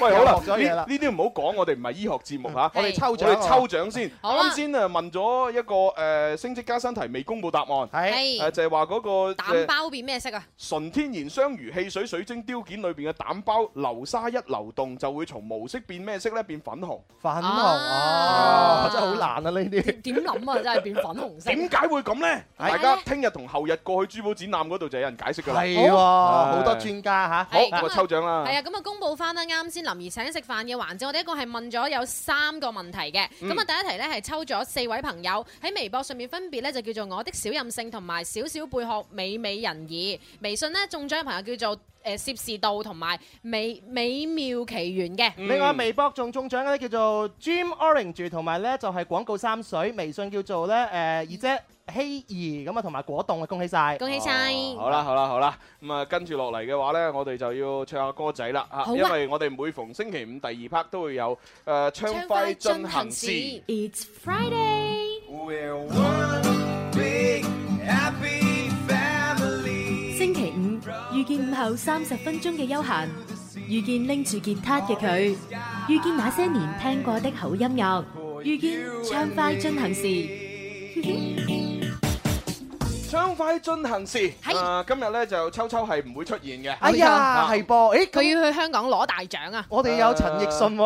喂，好啦，呢啲唔好講，我哋唔係醫學節目吓。我哋抽獎，我哋抽獎先。啱先啊，問咗一個誒升職加薪題，未公布答案。係。誒就係話嗰個蛋包變咩色啊？純天然雙魚汽水水晶雕。件裏邊嘅膽包流沙一流動，就會從無色變咩色咧？變粉紅，粉紅啊！真係好難啊呢啲。點諗啊？真係變粉紅色？點解會咁咧？大家聽日同後日過去珠寶展覽嗰度就有人解釋噶啦。係，好多專家吓。好，我抽獎啦。係啊，咁啊，公布翻啦。啱先林怡請食飯嘅環節，我哋一個係問咗有三個問題嘅。咁啊，第一題咧係抽咗四位朋友喺微博上面，分別咧就叫做我的小任性同埋小小貝殼美美人兒。微信咧中獎嘅朋友叫做。攝氏度同埋美美妙奇緣嘅，嗯、另外微博仲中獎咧，叫做 Dream Orange，同埋咧就係、是、廣告三水，微信叫做咧誒、呃、二姐希兒，咁啊同埋果凍啊，恭喜晒！恭喜晒、哦！好啦好啦好啦，咁啊跟住落嚟嘅話咧，我哋就要唱下歌仔啦，啊吧，因為我哋每逢星期五第二 part 都會有誒暢快進行時，It's Friday。Mm, well, uh, 後三十分鐘嘅悠閒，遇見拎住吉他嘅佢，遇見那些年聽過的好音樂，遇見唱快進行時。 雙花進行時，今日咧就秋秋係唔會出現嘅。哎呀，係噃，誒，佢要去香港攞大獎啊！我哋有陳奕迅，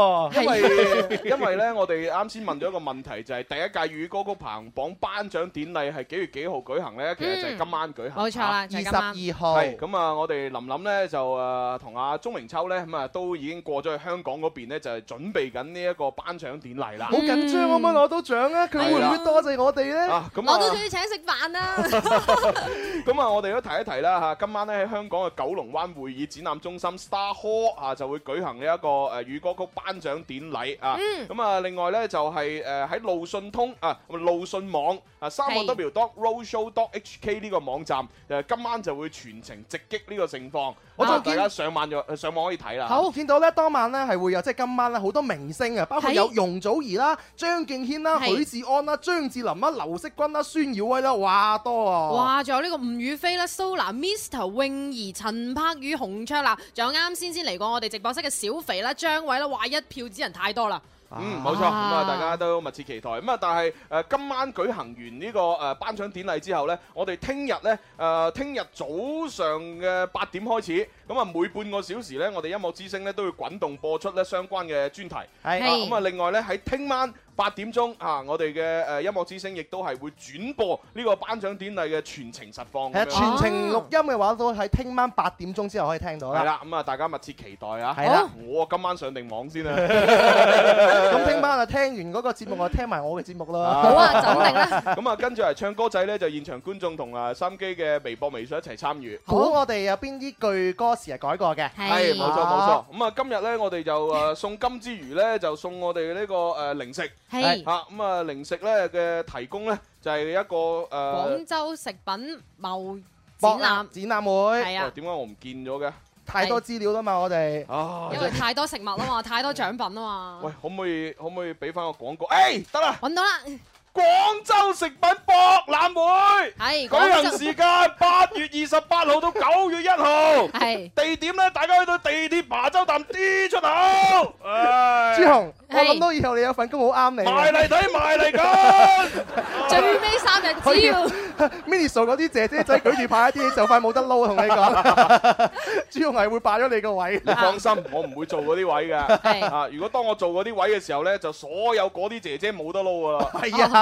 因為因為咧，我哋啱先問咗一個問題，就係第一屆粵語歌曲排行榜頒獎典禮係幾月幾號舉行咧？其實就係今晚舉行，冇錯啦，二十二號。係咁啊，我哋林林咧就誒同阿鍾明秋咧咁啊都已經過咗去香港嗰邊咧，就係準備緊呢一個頒獎典禮啦。好緊張，可唔可以攞到獎啊？佢會唔會多謝我哋咧？啊，我都仲要請食飯啦。咁啊， 我哋都提一提啦嚇，今晚咧喺香港嘅九龍灣會議展覽中心 Star Hall 啊，就會舉行呢一個誒粵語歌曲頒獎典禮啊。咁、嗯就是呃、啊，另外咧就係誒喺路訊通啊，路訊網啊，三個 W dot roadshow dot hk 呢個網站誒，是今晚就會全程直擊呢個盛況。我仲就見大家上晚就上網可以睇啦。好，見、啊、到咧當晚咧係會有即係今晚咧好多明星啊，包括有是容祖兒啦、張敬軒啦、許志是安啦、張智霖啦、劉惜君啦、孫耀威啦，哇多啊！哇！仲有呢個吳雨霏啦、蘇娜、Mr. 泳兒、陳柏宇、洪卓立，仲有啱先先嚟過我哋直播室嘅小肥啦、張偉啦，話！一票之人太多啦。啊、嗯，冇錯，咁啊、嗯，大家都密切期待。咁、嗯、啊，但係誒、呃，今晚舉行完呢、這個誒頒獎典禮之後呢，我哋聽日呢，誒、呃，聽日早上嘅八點開始，咁、嗯、啊，每半個小時呢，我哋音樂之聲呢都會滾動播出呢相關嘅專題。係的。咁啊、嗯嗯，另外呢，喺聽晚。八點鐘啊！我哋嘅誒音樂之聲亦都係會轉播呢個頒獎典禮嘅全程實況。係全程錄音嘅話，都喺聽晚八點鐘之後可以聽到啦。係啦，咁啊，大家密切期待啊！係啦，我啊，今晚上定網先啊。咁聽晚啊，聽完嗰個節目，我聽埋我嘅節目啦。好啊，就定啦。咁啊，跟住嚟唱歌仔咧，就現場觀眾同啊三機嘅微博、微信一齊參與。好，我哋有邊啲句歌詞係改過嘅？係冇錯冇錯。咁啊，今日咧，我哋就誒送金之餘咧，就送我哋呢個誒零食。係，Hey. 啊咁啊、嗯、零食咧嘅提供咧就係、是、一個誒，廣、呃、州食品貿展展展覽會，係啊，點解、啊哦、我唔見咗嘅？太多資料啦嘛，我哋，因為太多食物啦嘛， 太多獎品啦嘛。喂，可唔可以可唔可以俾翻個廣告？誒、哎，得啦，揾到啦。廣州食品博覽會，係舉行時間八月二十八號到九月一號，係地點咧，大家去到地鐵琶洲站 D 出口。朱紅，我諗到以後你有份工好啱你，埋嚟睇埋嚟搞，最尾三日只要 Miniso 嗰啲姐姐仔舉住牌，一啲嘢就快冇得撈，同你講。朱紅係會霸咗你個位，你放心，我唔會做嗰啲位噶。啊，如果當我做嗰啲位嘅時候咧，就所有嗰啲姐姐冇得撈噶啦。係啊。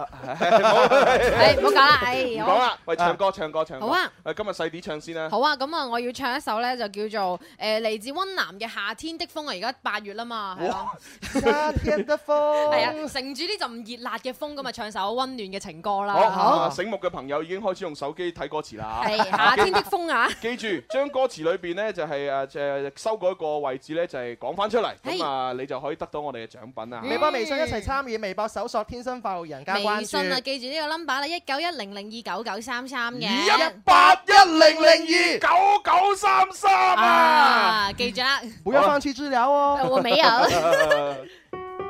係，唔好講啦，唔講啦，喂，唱歌，唱歌，唱歌，好啊，今日細啲唱先啦，好啊，咁啊，我要唱一首咧，就叫做誒嚟自溫嵐嘅夏天的風啊，而家八月啦嘛，夏天的風，係啊，乘住呢陣熱辣嘅風，咁啊，唱首溫暖嘅情歌啦，好，醒目嘅朋友已經開始用手機睇歌詞啦，係夏天的風啊，記住將歌詞裏邊呢，就係誒誒修改一個位置呢，就係講翻出嚟，咁啊，你就可以得到我哋嘅獎品啊，微博微信一齊參與，微博搜索天生快活人。微信啊，啊，記住呢個 number 啦，一九一零零二九九三三嘅。一八一零零二九九三三啊，記住啦。不要放棄治療哦。我沒有。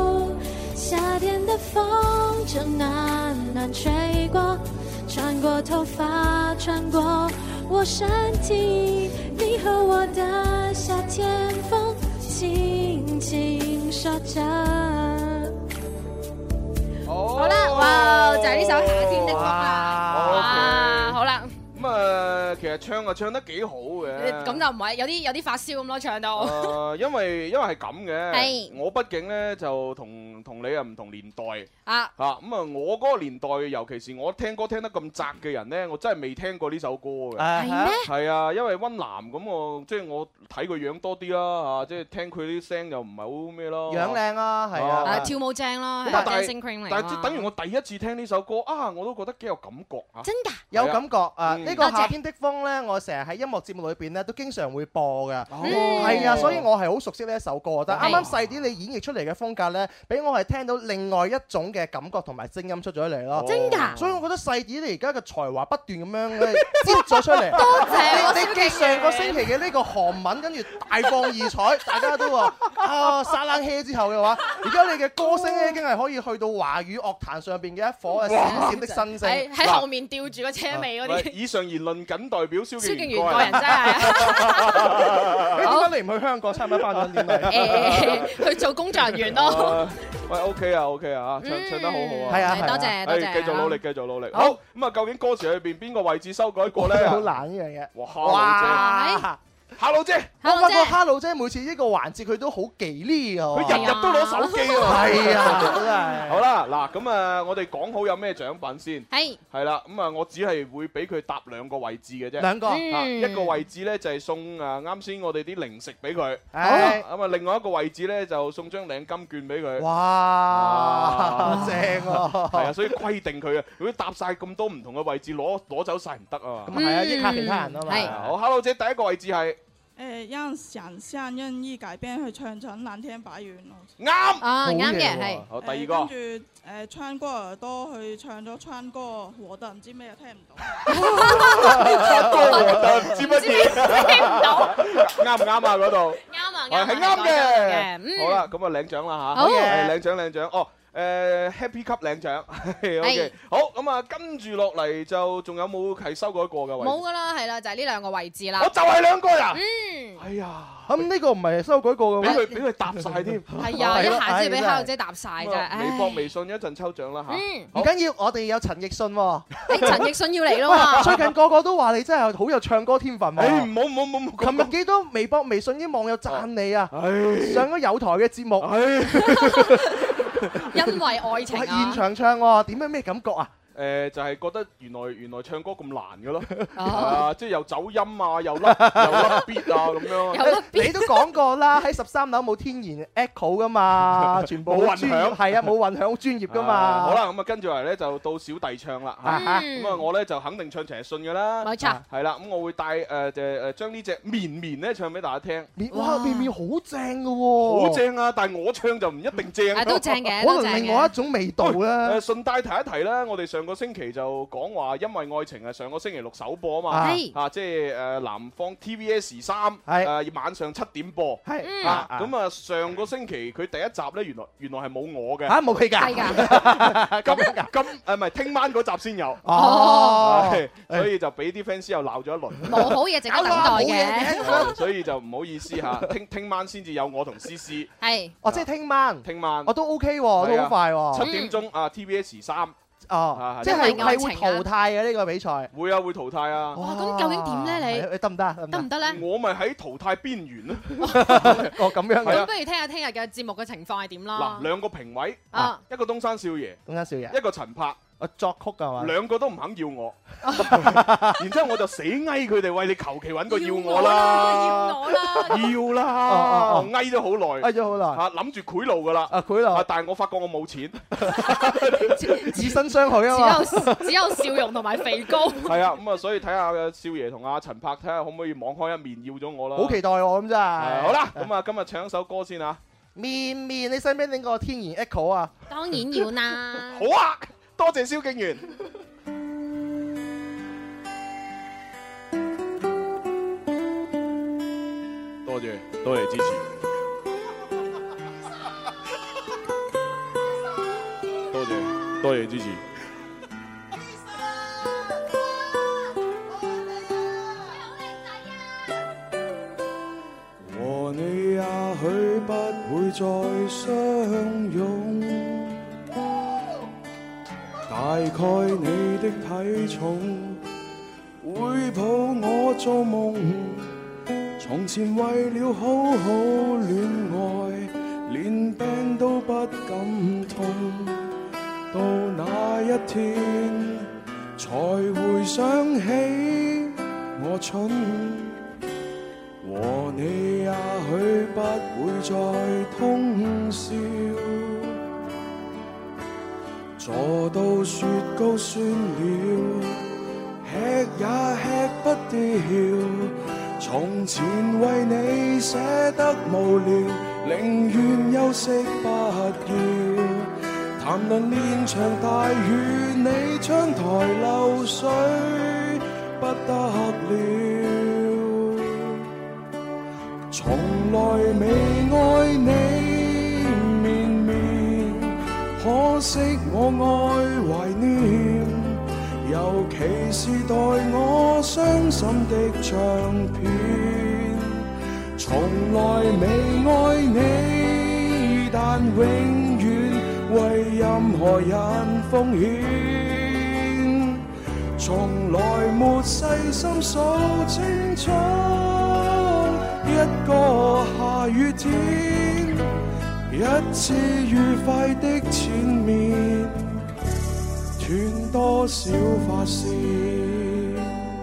風正暖暖吹過，穿過頭髮，穿過我身體，你和我的夏天風，輕輕說着。Oh, 好啦，哇，就係呢首夏天的風啦，oh, okay. 啊。好啦。咁啊、嗯呃，其實唱啊唱得幾好嘅。咁就唔係，有啲有啲發燒咁咯，唱到。呃、因為因為係咁嘅。係。我畢竟咧就同。同你又唔同年代啊嚇咁啊！我嗰個年代，尤其是我聽歌聽得咁窄嘅人咧，我真係未聽過呢首歌嘅。係咩？係啊，因為溫嵐咁我即係我睇佢樣多啲啦嚇，即係聽佢啲聲又唔係好咩咯。樣靚啦，係啊，跳舞正啦，大聲。但係即等於我第一次聽呢首歌啊，我都覺得幾有感覺啊！真㗎，有感覺啊！呢個夏天的風咧，我成日喺音樂節目裏邊咧都經常會播㗎。係啊，所以我係好熟悉呢一首歌。但係啱啱細啲，你演繹出嚟嘅風格咧，俾我係。聽到另外一種嘅感覺同埋聲音出咗嚟咯，真㗎！所以我覺得細子，你而家嘅才華不斷咁樣接咗出嚟。多謝你喺上個星期嘅呢個韓文，跟住大放異彩，大家都話啊，沙冷嘿之後嘅話，而家你嘅歌聲咧，已經係可以去到華語樂壇上邊嘅一顆閃閃的新星。喺後面吊住個車尾嗰啲。以上言論僅代表蕭敬蕭敬遠個人，真係點解你唔去香港參加翻個演藝？誒，去做工作人員咯。喂，OK 啊，OK 啊，唱唱得好好啊，係啊，多謝多謝，繼續努力，繼續努力。好，咁啊，究竟歌詞裏邊邊個位置修改過咧？好難呢樣嘢。哇！好正。Hello 姐，我發覺 Hello 姐每次呢個環節佢都好忌叻啊。佢日日都攞手機喎。係啊，真係。好啦，嗱咁啊，我哋講好有咩獎品先。係。係啦，咁啊，我只係會俾佢搭兩個位置嘅啫。兩個。一個位置咧就係送啊啱先我哋啲零食俾佢。係。咁啊，另外一個位置咧就送張領金券俾佢。哇！正啊！係啊，所以規定佢嘅，佢搭晒咁多唔同嘅位置攞攞走晒唔得啊。咁係啊，益下其他人啊嘛。好，Hello 姐，第一個位置係。誒，讓想象任意改編去唱成藍天白雲咯。啱。啊，啱嘅。係好，第二個。跟住誒，穿過耳朵去唱咗《川歌》，和頓唔知咩又聽唔到。川歌和頓，知乜嘢？聽唔到。啱唔啱啊？嗰度。啱啊，係啱嘅。好啦，咁啊領獎啦吓，係領獎領獎哦。誒，Happy 級領獎，OK，好咁啊，跟住落嚟就仲有冇係修改過噶位？冇噶啦，係啦，就係呢兩個位置啦。我就係兩個人，嗯。哎呀，咁呢個唔係修改過嘅咩？俾佢俾佢答晒添。係啊，一下子俾黑妹姐答晒噶。微博、微信一陣抽獎啦吓。嗯。唔緊要，我哋有陳奕迅。誒，陳奕迅要嚟啦嘛？最近個個都話你真係好有唱歌天分。誒，唔好唔好唔好。琴日幾多微博、微信啲網友讚你啊？上咗有台嘅節目。 因為愛情、啊、現場唱、啊，點樣咩感覺啊？誒，就係覺得原來原來唱歌咁難噶咯，啊，即係又走音啊，又又甩 beat 啊，咁樣。你都講過啦，喺十三樓冇天然 echo 噶嘛，全部冇混響，係啊，冇混響，好專業噶嘛。好啦，咁啊，跟住嚟咧就到小弟唱啦。咁啊，我咧就肯定唱陳奕迅噶啦，冇錯，係啦，咁我會帶誒誒誒，將呢隻綿綿咧唱俾大家聽。哇，綿綿好正噶，好正啊！但係我唱就唔一定正，啊，都正嘅，可能另外一種味道啦。誒，順帶提一提啦，我哋上。上個星期就講話，因為愛情啊，上個星期六首播啊嘛，啊，即係誒南方 T V S 三，誒，晚上七點播，咁啊上個星期佢第一集咧，原來原來係冇我嘅，吓冇佢噶，咁咁誒唔係，聽晚嗰集先有，所以就俾啲 fans 又鬧咗一輪，冇好嘢值得等待嘅，所以就唔好意思吓，聽聽晚先至有我同思思，係，哦，即係聽晚，聽晚，我都 O K，都好快，七點鐘啊 T V S 三。哦，即係係會淘汰嘅呢個比賽，會啊會淘汰啊！哇，咁究竟點咧？你得唔得？得唔得咧？我咪喺淘汰邊緣咯。哦，咁樣嘅，咁不如聽下聽日嘅節目嘅情況係點啦？嗱，兩個評委，一個東山少爺，東山少爺，一個陳柏。我作曲噶嘛？兩個都唔肯要我，然之後我就死哀佢哋，喂，你求其揾個要我啦，要啦，要啦！」哀咗好耐，哀咗好耐，嚇諗住賄賂噶啦，賄賂，但係我發覺我冇錢，自身相許啊嘛，只有只有笑容同埋肥高。係啊，咁啊，所以睇下少爺同阿陳柏睇下可唔可以網開一面要咗我啦，好期待我咁真係，好啦，咁啊，今日唱首歌先啊，綿綿，你使唔使拎個天然 echo 啊？當然要啦，好啊！多謝蕭敬遠，多謝多謝支持，多謝多謝支持。體重會抱我做夢，從前為了好好戀。未愛你，但永遠為任何人奉獻，從來沒細心數清楚一個下雨天，一次愉快的纏綿，斷多少髮線？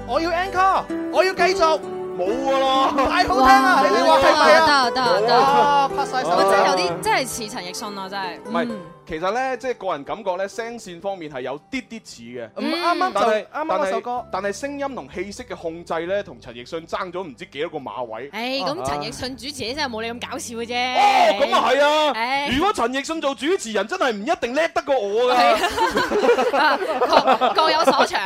我要 encore，我要繼續。好咯，太好聽啦！你你話係咪啊？得得得，哇，拍晒手，真係有啲，真係似陳奕迅咯，真係。唔係，其實咧，即係個人感覺咧，聲線方面係有啲啲似嘅。唔啱啱就啱啱嗰首歌。但係聲音同氣息嘅控制咧，同陳奕迅爭咗唔知幾多個馬位。誒，咁陳奕迅主持真係冇你咁搞笑嘅啫。哦，咁啊係啊。誒，如果陳奕迅做主持人，真係唔一定叻得過我噶。係啊，各有所長。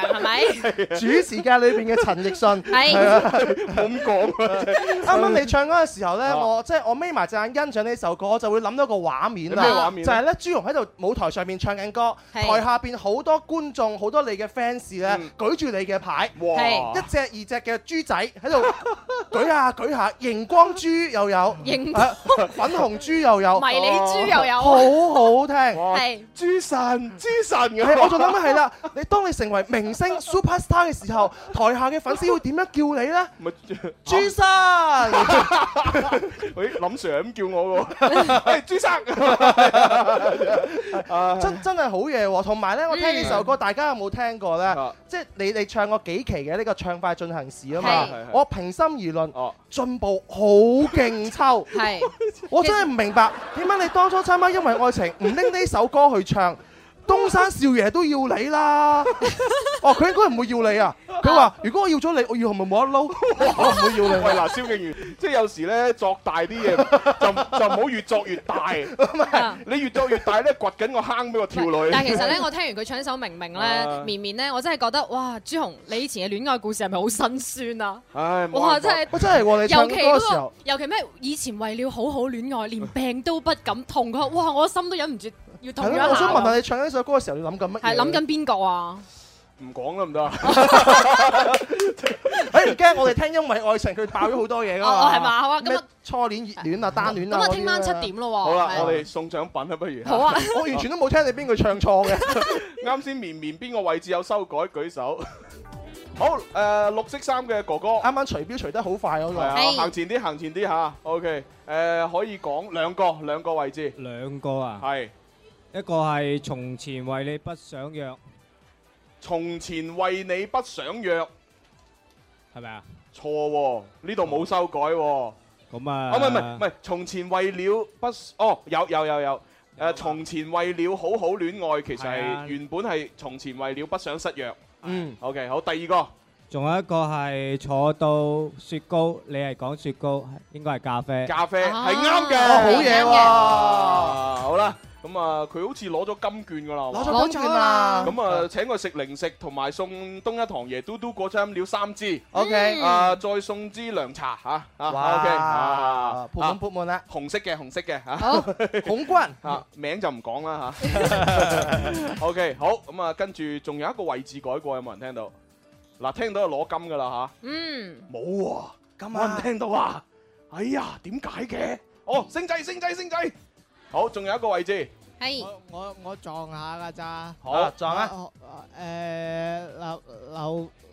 主持界裏邊嘅陳奕迅，係咁講，啱啱你唱歌嘅時候呢，我即係我眯埋隻眼欣賞呢首歌，我就會諗到個畫面。咩畫面就係呢，朱紅喺度舞台上面唱緊歌，台下邊好多觀眾，好多你嘅 fans 咧，舉住你嘅牌，係一隻二隻嘅豬仔喺度舉下舉下，熒光豬又有，粉紅豬又有，迷你豬又有，好好聽，係豬神豬神，我仲諗緊係啦，你當你成為明星 Pasta 嘅時候，台下嘅粉絲會點樣叫你咧？朱生，喂，林 Sir 咁叫我喎，朱生，真真係好嘢喎！同埋呢，我聽呢首歌，大家有冇聽過呢？即係你哋唱過幾期嘅呢個唱快進行時啊嘛？我平心而論，進步好勁抽，係，我真係唔明白，點解你當初參加，因為愛情唔拎呢首歌去唱？東山少爺都要你啦！哦，佢應該唔會要你啊！佢話：如果我要咗你，我朱紅咪冇得撈，我唔會要你。嗱，蕭敬如即係有時咧作大啲嘢，就就唔好越作越大。你越作越大咧，掘緊個坑俾我跳落去。但係其實咧，我聽完佢唱一首《明明》咧，《綿綿》咧，我真係覺得哇！朱紅，你以前嘅戀愛故事係咪好辛酸啊？唉，哇！真係，我真係喎，你唱嗰個，尤其咩？以前為了好好戀愛，連病都不敢痛嘅，哇！我心都忍唔住。我想問下你唱一首歌嘅時候，你諗緊乜嘢？係諗緊邊個啊？唔講啦，唔得啊！哎，唔驚，我哋聽因為愛情佢爆咗好多嘢噶嘛？係啊，咁啊，初戀熱戀啊，單戀啊。咁啊，聽晚七點咯喎。好啦，我哋送獎品啊，不如？好啊！我完全都冇聽你邊個唱錯嘅。啱先綿綿邊個位置有修改？舉手。好，誒，綠色衫嘅哥哥，啱啱隨標隨得好快嗰個，行前啲，行前啲嚇。OK，誒，可以講兩個兩個位置，兩個啊，係。一個係從前為你不想約，從前為你不想約，係咪啊？錯喎，呢度冇修改喎。咁啊，啊唔係唔係唔係，從前為了不哦有有有有，誒從前為了好好戀愛，其實係原本係從前為了不想失約。嗯，OK，好，第二個。仲有一個係坐到雪糕，你係講雪糕，應該係咖啡。咖啡係啱嘅，好嘢喎！好啦，咁啊，佢好似攞咗金券噶啦，攞咗金券啦！咁啊，請佢食零食，同埋送東一堂爺嘟嘟果汁飲料三支。O K，啊，再送支涼茶嚇啊！哇，鋪滿鋪滿啦！紅色嘅，紅色嘅嚇。好，孔軍，名就唔講啦嚇。O K，好咁啊，跟住仲有一個位置改過，有冇人聽到？嗱，聽到就攞金噶啦吓，啊、嗯，冇喎、啊，冇、啊、人聽到啊，哎呀，點解嘅？哦，星仔，星仔，星仔，好，仲有一個位置，係是，我我撞下噶咋，好，撞啊，誒，劉劉、啊。呃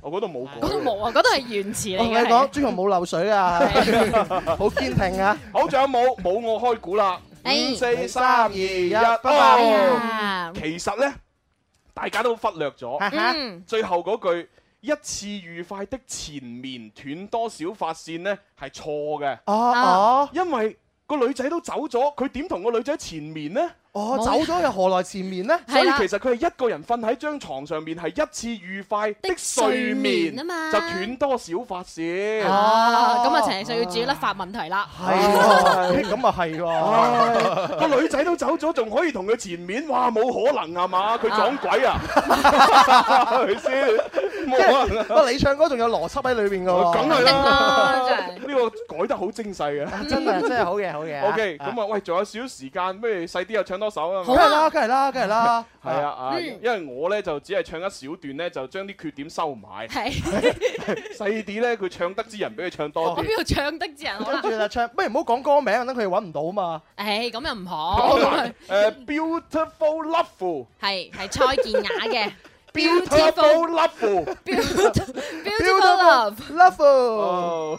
我嗰度冇，嗰度冇啊，嗰度係原詞嚟，我同你講，朱紅冇漏水噶，好堅定啊！好，仲有冇？冇我開估啦。五四三二一，得唔、哦、其實呢，大家都忽略咗， 嗯、最後嗰句一次愉快的纏綿，斷多少發線呢，係錯嘅。哦，哦，因為個女仔都走咗，佢點同個女仔纏綿呢？哦，走咗又何來纏綿呢？所以其實佢係一個人瞓喺張床上面，係一次愉快的睡眠啊嘛，就斷多少髮線。哦，咁啊，陳奕迅要注意甩髮問題啦。係，咁啊係喎，個女仔都走咗，仲可以同佢纏綿？哇，冇可能啊嘛，佢撞鬼啊？你冇可能。不過你唱歌仲有邏輯喺裏邊噶，梗係啦，呢個改得好精細嘅，真係真係好嘢，好嘢。OK，咁啊，喂，仲有少少時間，咩細啲又唱。多首啊！好啦，梗係啦，梗係啦，係啊，因為我咧就只係唱一小段咧，就將啲缺點收埋。係細啲咧，佢唱得之人畀佢唱多啲。我邊度唱得之人？好啦，唱，不如唔好講歌名，等佢搵唔到啊嘛。誒，咁又唔好。誒，Beautiful Love 係係蔡健雅嘅。Beautiful Love Beautiful Love Love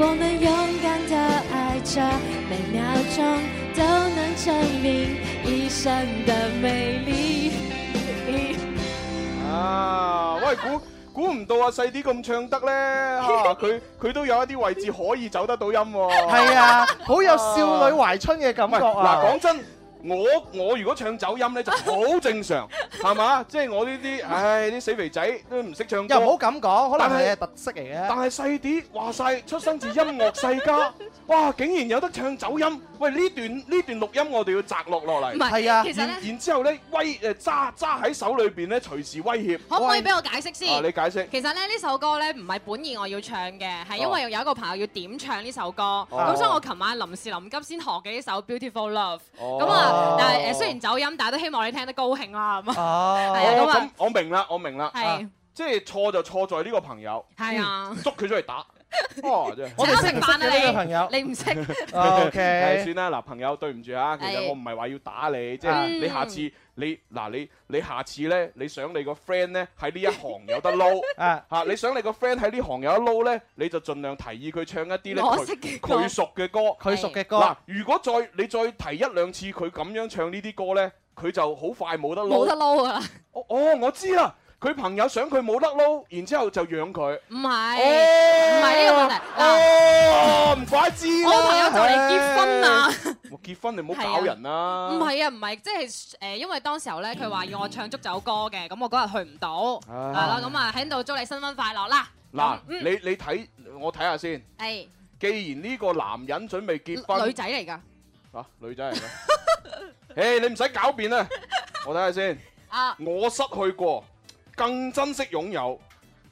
我們勇敢地愛着，每秒鐘都能證明一生的魅力。啊，喂，估估唔到啊，細啲咁唱得咧，吓佢佢都有一啲位置可以走得到音喎、哦。係啊，好有少女懷春嘅感覺啊！嗱、啊，講、啊、真。我我如果唱走音咧，就好正常，係嘛？即係我呢啲，唉，啲死肥仔都唔識唱歌又唔好咁講，可能係特色嚟嘅。但係細啲話晒出生自音樂世家，哇！竟然有得唱走音，喂！呢段呢段錄音我哋要摘落落嚟，係啊。然然之後咧威誒揸揸喺手裏邊咧，隨時威脅。可唔可以俾我解釋先？啊，你解釋。其實咧呢首歌咧唔係本意我要唱嘅，係因為有一個朋友要點唱呢首歌。哦。咁所以我琴晚臨時臨急先學嘅呢首《Beautiful Love》。咁啊～但係誒，雖然走音，但係都希望你聽得高興啦，啊，係啊，咁我明啦，我明啦，係，即係錯就錯在呢個朋友，係啊，捉佢出嚟打，我唔識扮啊你，呢個朋友你唔識，O K，算啦，嗱，朋友對唔住啊，其實我唔係話要打你，即係你下次。你嗱你你下次呢，你想你個 friend 呢喺呢一行有得撈 啊，你想你個 friend 喺呢行有得撈呢，你就盡量提議佢唱一啲呢，佢熟嘅歌，佢熟嘅歌。嗱。如果再你再提一兩次佢咁樣唱呢啲歌呢，佢就好快冇得撈，冇得撈㗎喇！哦哦，我知啦。 佢朋友想佢冇得撈，然之後就養佢。唔係，唔係呢個問題。哦，唔怪之。我朋友就嚟結婚嘛。我結婚你唔好搞人啦。唔係啊，唔係即係誒，因為當時候咧，佢話要我唱祝酒歌嘅，咁我嗰日去唔到，係啦，咁啊喺度祝你新婚快樂啦。嗱，你你睇我睇下先。係。既然呢個男人準備結婚，女仔嚟㗎。啊，女仔嚟㗎。誒，你唔使狡辯啦。我睇下先。啊。我失去過。更珍惜擁有，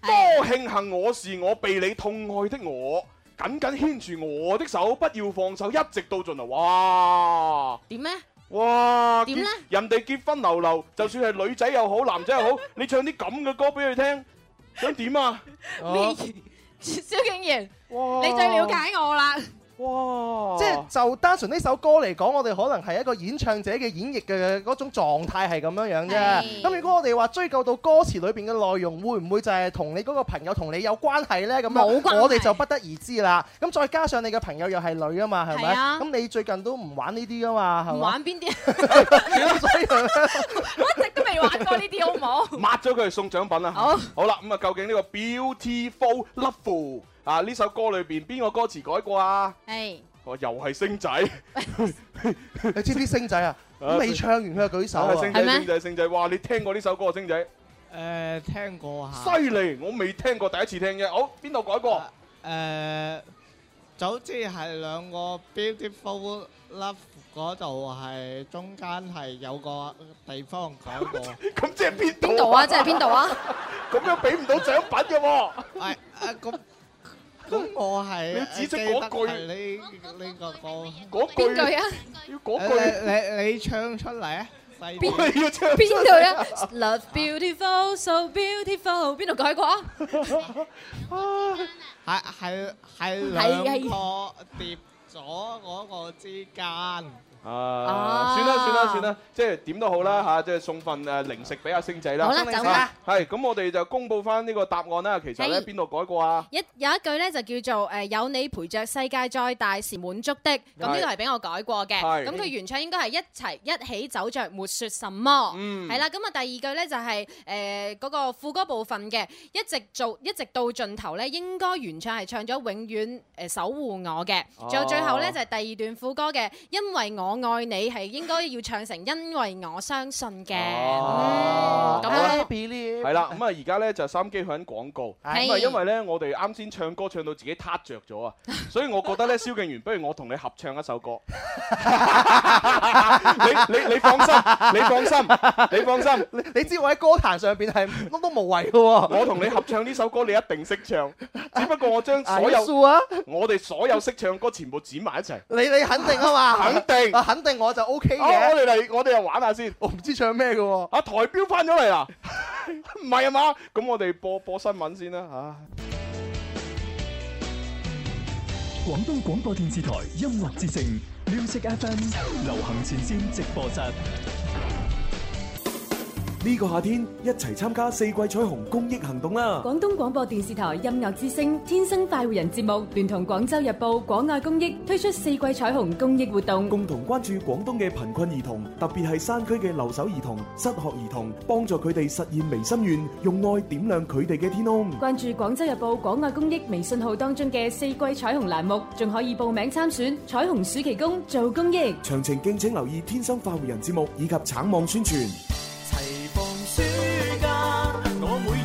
多慶幸我是我被你痛愛的我，緊緊牽住我的手，不要放手，一直到盡頭啊！哇！點呢？哇！點咧？呢，人哋結婚流流，就算係女仔又好，男仔又好，你唱啲咁嘅歌俾佢聽，想點啊？蕭敬仁，哇你最了解我啦。哇！即係就單純呢首歌嚟講，我哋可能係一個演唱者嘅演繹嘅嗰種狀態係咁樣樣啫。咁是如果我哋話追究到歌詞裏邊嘅內容，會唔會就係同你嗰個朋友同你有關係呢？咁我哋就不得而知啦。咁再加上你嘅朋友又係女啊嘛，係咪啊？咁你最近都唔玩呢啲噶嘛？係咪？玩邊啲？ 呢我一直都未玩過呢啲，好唔、oh. 好？抹咗佢送獎品啦！好，好啦，咁啊，究竟呢個 be iful,《Beautiful Love》？啊！呢首歌裏邊邊個歌詞改過啊？係，我又係星仔，你知唔知星仔啊？未唱完佢就舉手，星仔，星仔，星仔，哇！你聽過呢首歌星仔，誒，聽過啊！犀利，我未聽過，第一次聽啫。好，邊度改過？誒，就好似係兩個 beautiful love 嗰度係中間係有個地方改過，咁即係邊度啊？即係邊度啊？咁樣俾唔到獎品嘅喎，係啊咁。咁我係你指出嗰句，你呢個歌，嗰句啊，要嗰句，你你唱出嚟啊，邊句要唱？邊句啊？Love beautiful so beautiful，邊度改過啊？係係係兩個疊左嗰個之間。啊，算啦算啦算啦，即係點都好啦嚇，即係送份誒零食俾阿星仔啦。好啦，走啦。係咁，我哋就公布翻呢個答案啦。其實喺邊度改過啊？一有一句咧就叫做誒「有你陪着世界再大是滿足的」，咁呢個係俾我改過嘅。咁佢原唱應該係一齊「一起走著沒説什麼」。嗯。係啦，咁啊第二句咧就係誒嗰個副歌部分嘅，一直做「一直到盡頭」咧，應該原唱係唱咗「永遠誒守護我」嘅。哦。仲有最後咧就係第二段副歌嘅，因為我。愛你係應該要唱成因為我相信嘅。咁我特呢？係啦，咁啊而家呢就收音機響廣告，係因為呢，我哋啱先唱歌唱到自己撻着咗啊，所以我覺得呢，蕭敬源，不如我同你合唱一首歌。你你放心，你放心，你放心。你知我喺歌壇上邊係碌碌無為嘅。我同你合唱呢首歌，你一定識唱，只不過我將所有我哋所有識唱歌全部剪埋一齊。你你肯定啊嘛？肯定。肯定我就 OK 嘅，啊。我哋嚟，我哋又玩下先。我唔知唱咩嘅喎。啊，台標翻咗嚟啊，唔係啊嘛。咁我哋播播新聞先啦嚇。啊、廣東廣播電視台音樂之聲 Music FM 流行前線直播室。呢個夏天一齊參加四季彩虹公益行動啦！廣東廣播電視台音樂之聲《天生快活人》節目聯同廣州日報廣愛公益推出四季彩虹公益活動，共同關注廣東嘅貧困兒童，特別係山區嘅留守兒童、失學兒童，幫助佢哋實現微心願，用愛點亮佢哋嘅天空。關注廣州日報廣愛公益微信號當中嘅四季彩虹欄目，仲可以報名參選彩虹暑期工做公益。詳情敬請留意《天生快活人》節目以及橙網宣傳。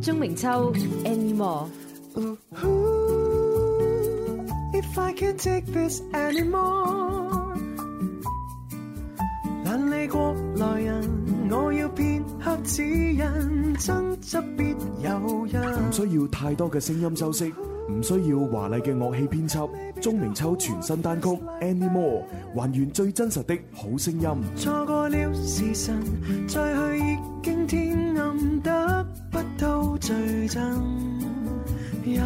鍾明秋，Anymore。If I Can Take This Anymore，過來人，我要變黑人，我要爭執別有人，唔 需要太多嘅聲音修飾，唔需要華麗嘅樂器編輯，鍾明秋全新單曲 Anymore，還原最真實的好聲音。錯過了時辰。最後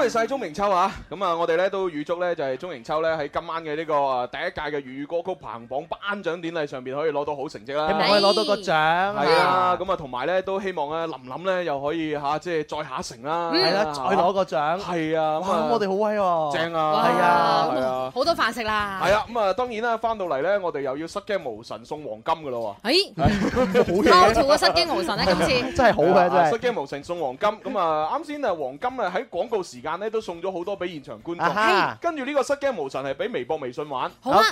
恭喜曬鐘明秋啊！咁啊，我哋咧都預祝咧就係鐘明秋咧喺今晚嘅呢個第一屆嘅粵語歌曲排行榜頒獎典禮上邊可以攞到好成績啦，可以攞到個獎。係啊，咁啊同埋咧都希望咧林林咧又可以嚇即係再下一城啦，係啦，再攞個獎。係啊，咁我哋好威喎，正啊，係啊，係啊，好多飯食啦。係啊，咁啊當然啦，翻到嚟咧我哋又要失驚無神送黃金噶咯喎。誒，好嘅，多條嘅失驚無神咧，今次真係好嘅真係。失驚無神送黃金，咁啊啱先啊黃金啊喺廣告時間。咧都送咗好多俾現場觀眾，跟住呢個失驚無神係俾微博、微信玩。好啊，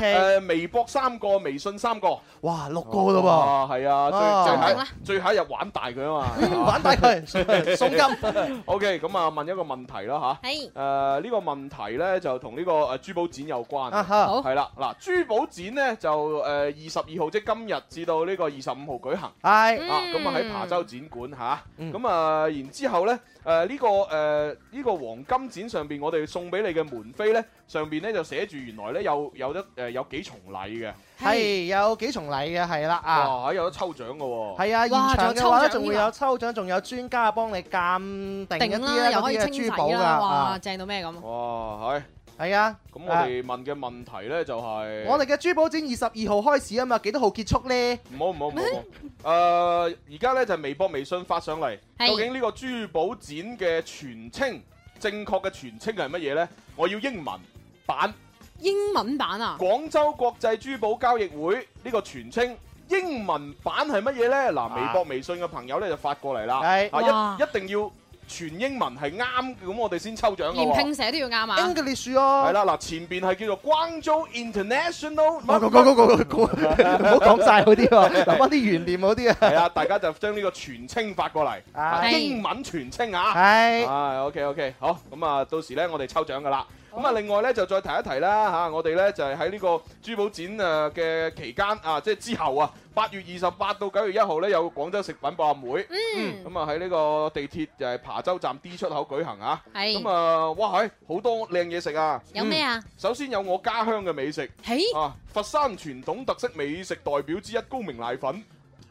微博三個，微信三個，哇，六個嘞喎。啊，係啊，最最後最後一日玩大佢啊嘛，玩大佢送金。O K，咁啊問一個問題啦吓，係誒呢個問題咧就同呢個誒珠寶展有關啊，係啦，嗱珠寶展咧就誒二十二號即今日至到呢個二十五號舉行，係啊，咁啊喺琶洲展館吓，咁啊然之後咧。誒呢、呃這個誒呢、呃這個黃金展上邊，我哋送俾你嘅門飛咧，上邊咧就寫住原來咧有有得誒有幾重禮嘅，係有幾重禮嘅，係啦啊，哇有得抽獎嘅喎，係啊，現場嘅話仲會有抽獎，仲有專家幫你鑑定一啲啊，咁嘅些珠寶㗎，哇，哇正到咩咁，哇係。係啊，咁、嗯嗯、我哋問嘅問題呢，就係、是，我哋嘅珠寶展二十二號開始啊嘛，幾、嗯、多號結束呢？唔好唔好唔好，誒、 呃，而家呢，就係、是、微博、微信發上嚟，是究竟呢個珠寶展嘅全稱，正確嘅全稱係乜嘢呢？我要英文版，英文版啊？廣州國際珠寶交易會呢個全稱英文版係乜嘢呢？嗱、呃，微博、微信嘅朋友呢，就發過嚟啦，啊是，一一定要。全英文係啱，咁我哋先抽獎㗎喎。連拼寫都要啱啊！English 咯。係啦，嗱，前邊係叫做 Guangzhou International、哦。唔好講晒嗰啲喎，留翻啲懸念嗰啲啊。係啊，大家就將呢個全稱發過嚟，英文全稱啊。係是。係。Are you. OK OK，好，咁啊，到時咧，我哋抽獎㗎啦。咁啊！嗯、另外咧，就再提一提啦嚇、啊，我哋咧就係喺呢個珠寶展誒嘅、啊、期間啊，即、就、係、是、之後啊，八月二十八到九月一號咧有廣州食品博覽會，嗯，咁啊喺呢個地鐵就係琶洲站 D 出口舉行啊，係咁是啊，哇係好、哎、多靚嘢食啊！有咩啊、嗯？首先有我家鄉嘅美食，是啊，佛山傳統特色美食代表之一高明瀨粉，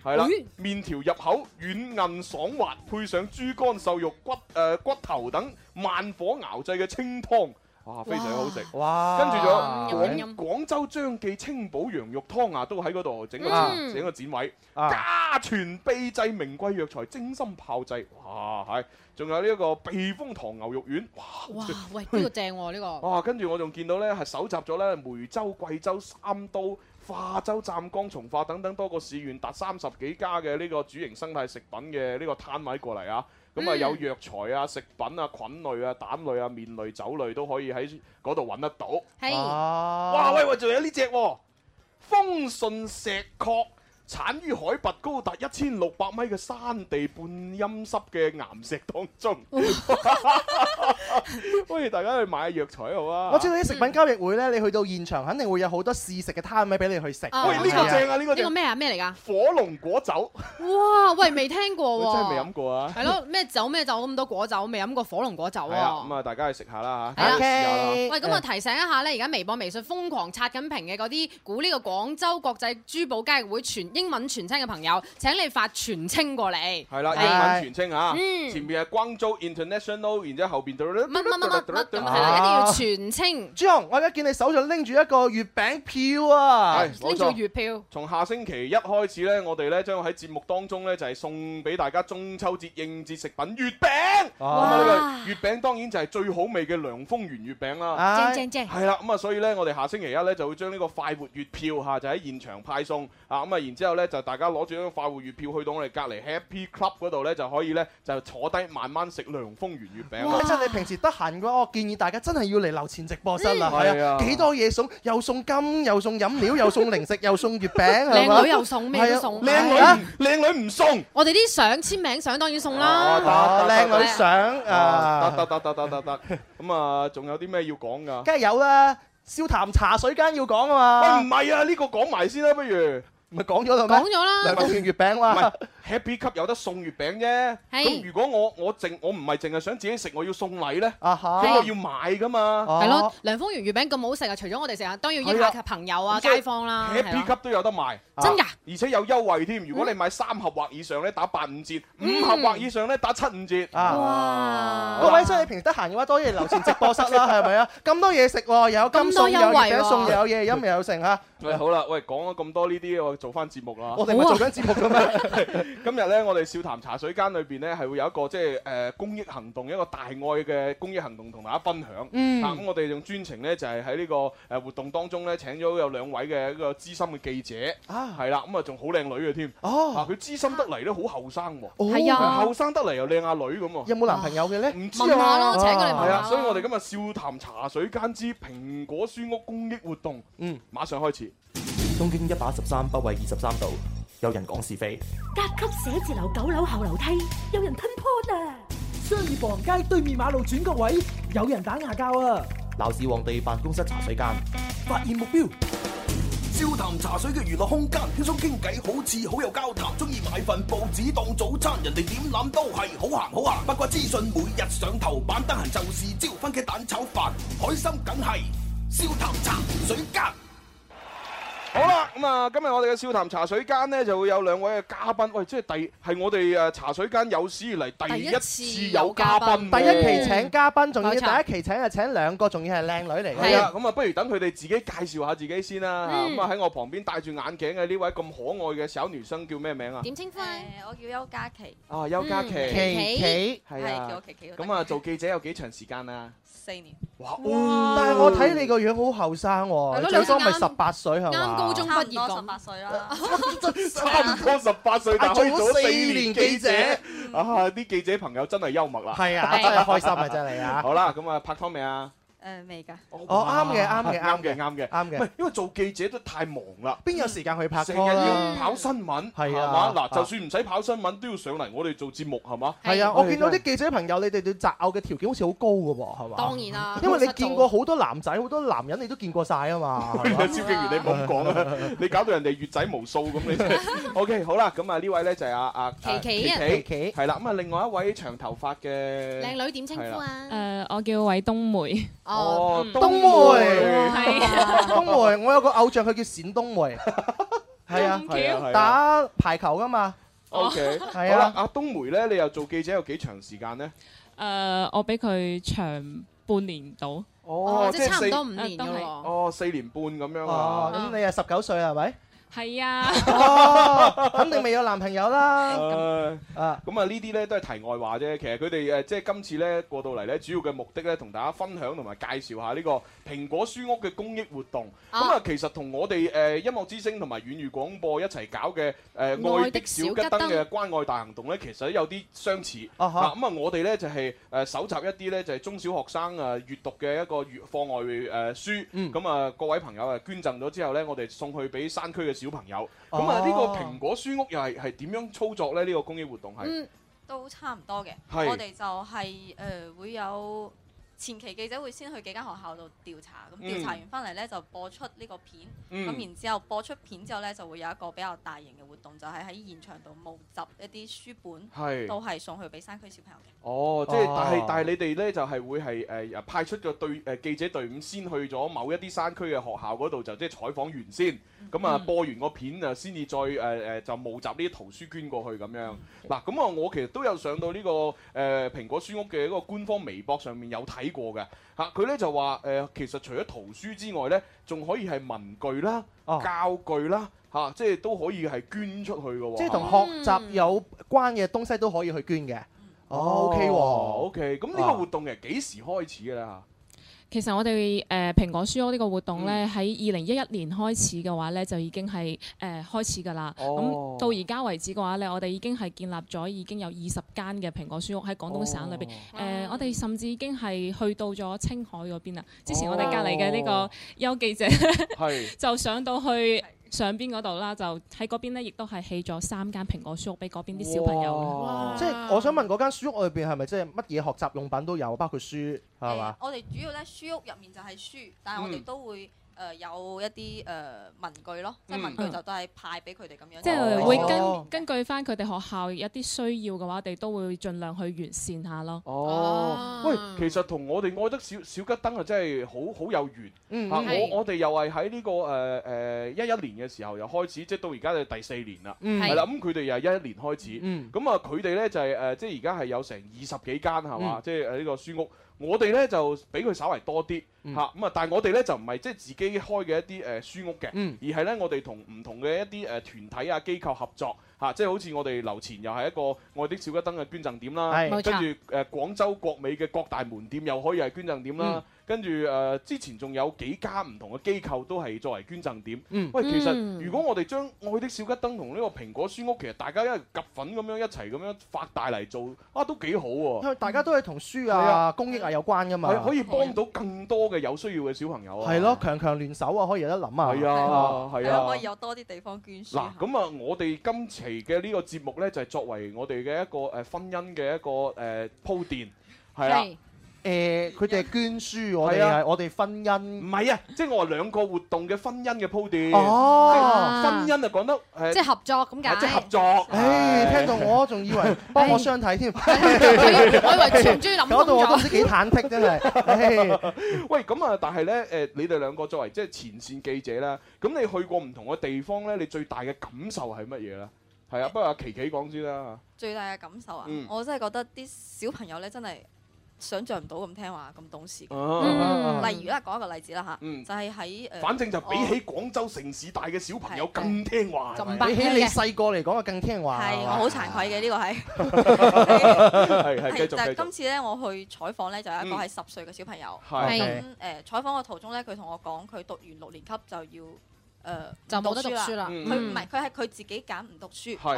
係啦，麵、哎、條入口軟韌爽滑，配上豬肝瘦肉骨誒、呃、骨頭等慢火熬製嘅清湯。哇，非常好食！哇，跟住仲有廣，、嗯、廣，廣州張記清補羊肉湯啊，都喺嗰度整啦，嗯、整個展位，啊、家傳秘製名貴藥材精心炮製，哇係！仲有呢一個避風塘牛肉丸，哇，哇喂，呢、呢個正喎、啊、呢、呢個！哇，跟住我仲見到呢，係搜集咗呢梅州、貴州、三都、化州、湛江、從化等等多個市縣，達三十幾家嘅呢個主營生態食品嘅呢個攤位過嚟啊！咁啊，嗯、有藥材啊、食品啊、菌類啊、蛋類啊、麵類、酒類都可以喺嗰度揾得到。係是，啊、哇喂喂，仲有呢隻、啊、風信石礦。產於海拔高達一千六百米嘅山地半陰濕嘅岩石當中。歡迎大家去買藥材好啊！我知道啲食品交易會咧，你去到現場肯定會有好多試食嘅攤位俾你去食。喂，呢個正啊！呢個呢個咩啊？咩嚟㗎？火龍果酒。哇！喂，未聽過喎。真係未飲過啊！係咯，咩酒咩酒咁多果酒，我未飲過火龍果酒啊。咁啊，大家去食下啦嚇。O K。喂，咁啊，提醒一下咧，而家微博、微信瘋狂刷緊屏嘅嗰啲估呢個廣州國際珠寶交易會全。英文全稱嘅朋友，請你發全稱過嚟。係啦，英文全稱嚇，前面係廣州 International，然之後邊哆哆哆哆哆哆，係啦，一定要全稱。朱紅，我而家見你手上拎住一個月餅票啊，拎住月票。從下星期一開始咧，我哋咧將喺節目當中咧就係送俾大家中秋節應節食品月餅。哇！月餅當然就係最好味嘅涼風圓月餅啦。正正正。係啦，咁啊，所以咧，我哋下星期一咧就會將呢個快活月票嚇就喺現場派送啊，咁啊，然之後。之後咧就大家攞住一張快活月票去到我哋隔籬 Happy Club 嗰度，咧就可以咧就坐低慢慢食涼風圓月餅。真係你平時得閒嘅話，我建議大家真係要嚟樓前直播室啦，係啊，幾多嘢送，又送金，又送飲料，又送零食，又送月餅，係嘛？靚女又送咩都送？靚女，靚女唔送。我哋啲相簽名相當然送啦。得，靚女相啊，得得得得得得得。咁啊，仲有啲咩要講噶？梗係有啦，笑談茶水間要講啊嘛。喂，唔係啊，呢個講埋先啦，不如。唔係講咗啦，講咗啦，涼風園月餅啦。唔係 Happy 級有得送月餅啫。咁如果我我淨我唔係淨係想自己食，我要送禮咧。啊，係。咁我要買噶嘛。係咯，涼風園月餅咁好食啊！除咗我哋食啊，當然要益吓朋友啊、街坊啦。Happy 級都有得賣。真噶？而且有優惠添，如果你買三盒或以上咧，打八五折；五盒或以上咧，打七五折。哇！各位，所以你平時得閒嘅話，多謝留喺直播室啦，係咪啊？咁多嘢食喎，又有咁多優惠。月餅送，又有嘢飲，又有剩嚇。喂，好啦，喂，講咗咁多呢啲，我做翻節目啦。我哋唔做緊節目嘅咩？今日咧，我哋笑談茶水間裏邊咧，係會有一個即係誒公益行動，一個大愛嘅公益行動，同大家分享。啊，咁我哋仲專程咧，就係喺呢個誒活動當中咧，請咗有兩位嘅一個資深嘅記者。啊，係啦，咁啊仲好靚女嘅添。哦。啊，佢資深得嚟咧，好後生喎。係啊。後生得嚟又靚下女咁喎。有冇男朋友嘅咧？唔知啊。問下咯，請過嚟問下。係啊，所以我哋今日笑談茶水間之蘋果書屋公益活動，嗯，馬上開始。東經一百一十三北緯二十三度，有人講是非。甲級寫字樓九樓後樓梯，有人吞潑啊！商業步行街對面馬路轉角位，有人打牙交啊！鬧市旺地辦公室茶水間，發現目標。燒炭茶水嘅娛樂空間，輕鬆傾偈好似好有交談，中意買份報紙當早餐，人哋點諗都係好行好行。八卦資訊每日上頭版，得閒就是招蕃茄蛋炒飯，海心梗係燒炭茶水間。好啦，咁啊，今日我哋嘅笑談茶水間咧就會有兩位嘅嘉賓，喂，即係第係我哋誒茶水間有史以嚟第一次有嘉賓，第一期請嘉賓，仲要第一期請啊請兩個，仲要係靚女嚟嘅。係啊，咁啊，不如等佢哋自己介紹下自己先啦嚇。咁啊喺我旁邊戴住眼鏡嘅呢位咁可愛嘅小女生叫咩名啊？點稱呼？我叫邱嘉琪。啊，邱嘉琪，琪琪，係啊，叫我琪琪。咁啊，做記者有幾長時間啊？四年哇！但係我睇你個樣好後生喎，最多咪十八歲，係咪？啱高中畢業，十八歲啦。差唔多十八歲，但最早四年記者啊，啲記者朋友真係幽默啦。係啊，大家開心啊，真係啊！好啦，咁啊拍拖未啊？誒未㗎？我啱嘅，啱嘅，啱嘅，啱嘅，啱嘅。唔係，因為做記者都太忙啦，邊有時間去拍拖啦？成日要跑新聞，係嘛？嗱，就算唔使跑新聞，都要上嚟我哋做節目，係嘛？係啊，我見到啲記者朋友，你哋對擇偶嘅條件好似好高㗎喎，係嘛？當然啦，因為你見過好多男仔，好多男人你都見過曬啊嘛。消極員，你唔好講啊！你搞到人哋月仔無數咁，你。O K，好啦，咁啊呢位咧就係阿阿琪琪，琪琪係啦。咁啊另外一位長頭髮嘅靚女點稱呼啊？誒，我叫韋冬梅。哦，冬梅，冬梅，我有個偶像，佢叫冼冬梅，係啊，打排球噶嘛。O K，好啦，阿冬梅咧，你又做記者有幾長時間咧？誒，我比佢長半年到，哦，即係差唔多五年噶哦，四年半咁樣啊，咁你係十九歲啦，係咪？係啊是、 哦，肯定未有男朋友啦。啊，咁啊呢啲咧都係題外話啫。其實佢哋誒即係今次咧過到嚟咧，主要嘅目的咧，同大家分享同埋介紹下呢個蘋果書屋嘅公益活動。咁啊、嗯，其實同我哋誒、呃、音樂之聲同埋遠遇廣播一齊搞嘅誒愛的小桔燈嘅關愛大行動咧，其實有啲相似。嗱、啊哈，咁啊，嗯嗯嗯嗯、我哋咧就係、是、誒、啊、搜集一啲咧，就係中小學生啊閱讀嘅一個閱課外誒、啊、書。咁啊，各位朋友啊，捐贈咗之後咧，我哋送去俾山區嘅。小朋友咁啊。呢個蘋果書屋又係，係點樣操作咧？呢個公益活動係，都差唔多嘅。是我哋就係、是，誒、呃，會有前期記者會先去幾間學校度調查，咁調、嗯、查完翻嚟咧就播出呢個片，咁、嗯、然之後播出片之後咧就會有一個比較大型嘅活動，就係、是、喺現場度募集一啲書本，是都係送去俾山區小朋友嘅。哦，即係、啊，但係，但係你哋咧就係、是、會係誒、呃、派出個隊誒記者隊伍先去咗某一啲山區嘅學校嗰度，就即係採訪完先。咁啊、嗯、播完個片啊，先至再誒誒、呃、就募集呢啲圖書捐過去咁樣。嗱、嗯，咁、okay. 啊，我其實都有上到呢、這個誒、呃、蘋果書屋嘅一個官方微博上面有睇過嘅。嚇、啊，佢咧就話誒、呃，其實除咗圖書之外咧，仲可以係文具啦、哦、教具啦，嚇、啊，即係都可以係捐出去嘅。即係同學習有關嘅東西都可以去捐嘅。嗯、哦，OK OK 咁呢個活動係幾時開始嘅啦？其實我哋誒、呃、蘋果書屋呢個活動呢，喺二零一一年開始嘅話呢，就已經係誒、呃、開始㗎啦。咁、哦嗯、到而家為止嘅話呢，我哋已經係建立咗已經有二十間嘅蘋果書屋喺廣東省裏邊。誒、哦呃，我哋甚至已經係去到咗青海嗰邊啦。之前我哋隔離嘅呢個邱記者、哦， 就上到去。上邊嗰度啦，就喺嗰邊咧，亦都係起咗三間蘋果書屋俾嗰邊啲小朋友。哇哇即係我想問嗰間書屋裏面係咪即係乜嘢學習用品都有，包括書係嘛？欸、吧我哋主要咧書屋入面就係書，但係我哋都會、嗯。誒、呃、有一啲誒、呃、文具咯，即係文具就都係派俾佢哋咁樣、嗯。即係、哦、會跟根據翻佢哋學校一啲需要嘅話，我哋都會盡量去完善下咯。哦，哦喂，其實同我哋愛德小小吉燈啊，真係好好有緣。嗯，啊、我我哋又係喺呢個誒誒一一年嘅時候又開始，即係到而家就第四年啦、嗯。嗯，係啦，咁佢哋又係一一年開始。咁啊、嗯，佢哋咧就係、是、誒，即係而家係有成二十幾間係嘛？即係呢個書屋。我哋咧就比佢稍為多啲。嚇咁、嗯、啊！但係我哋咧就唔係即係自己開嘅一啲誒、呃、書屋嘅，嗯、而係咧我哋同唔同嘅一啲誒、呃、團體啊機構合作嚇、啊，即係好似我哋樓前又係一個愛的小吉燈嘅捐贈點啦，嗯、跟住誒、呃、廣州國美嘅各大門店又可以係捐贈點啦，嗯、跟住誒、呃、之前仲有幾家唔同嘅機構都係作為捐贈點。嗯、喂，其實、嗯、如果我哋將愛的小桔燈同呢個蘋果書屋，其實大家一夾份咁樣一齊咁樣發大嚟做啊，都幾好喎、啊！嗯、大家都係同書啊、啊公益啊有關噶嘛，可以幫到更多嘅。有需要嘅小朋友啊，係咯對，強強聯手啊，可以有得諗啊，係啊，係啊，啊，啊，可以有多啲地方捐書，啊。嗱，咁啊，我哋今期嘅呢個節目呢，就係、是、作為我哋嘅一個誒、呃、婚姻嘅一個誒、呃、鋪墊，係啦、啊。誒，佢哋係捐書，我哋係我哋婚姻。唔係啊，即係我話兩個活動嘅婚姻嘅鋪段。哦，婚姻啊，講得即係合作咁解。即合作。誒，聽到我仲以為幫我相睇添，我以為全中意諗工作，搞到我都唔知幾忐忑真係。喂，咁啊，但係咧，誒，你哋兩個作為即係前綫記者啦，咁你去過唔同嘅地方咧，你最大嘅感受係乜嘢咧？係啊，不如阿琪琪講先啦。最大嘅感受啊，我真係覺得啲小朋友咧，真係。想象唔到咁聽話，咁懂事。哦，例如咧，講一個例子啦嚇，就係喺反正就比起廣州城市大嘅小朋友更聽話，就比起你細個嚟講啊更聽話。係，我好慚愧嘅呢個係。係係，繼續。但係今次呢，我去採訪呢，就有一個係十歲嘅小朋友。係。咁誒，採訪嘅途中呢，佢同我講，佢讀完六年級就要。誒就冇得讀書啦，佢唔係佢係佢自己揀唔讀書，佢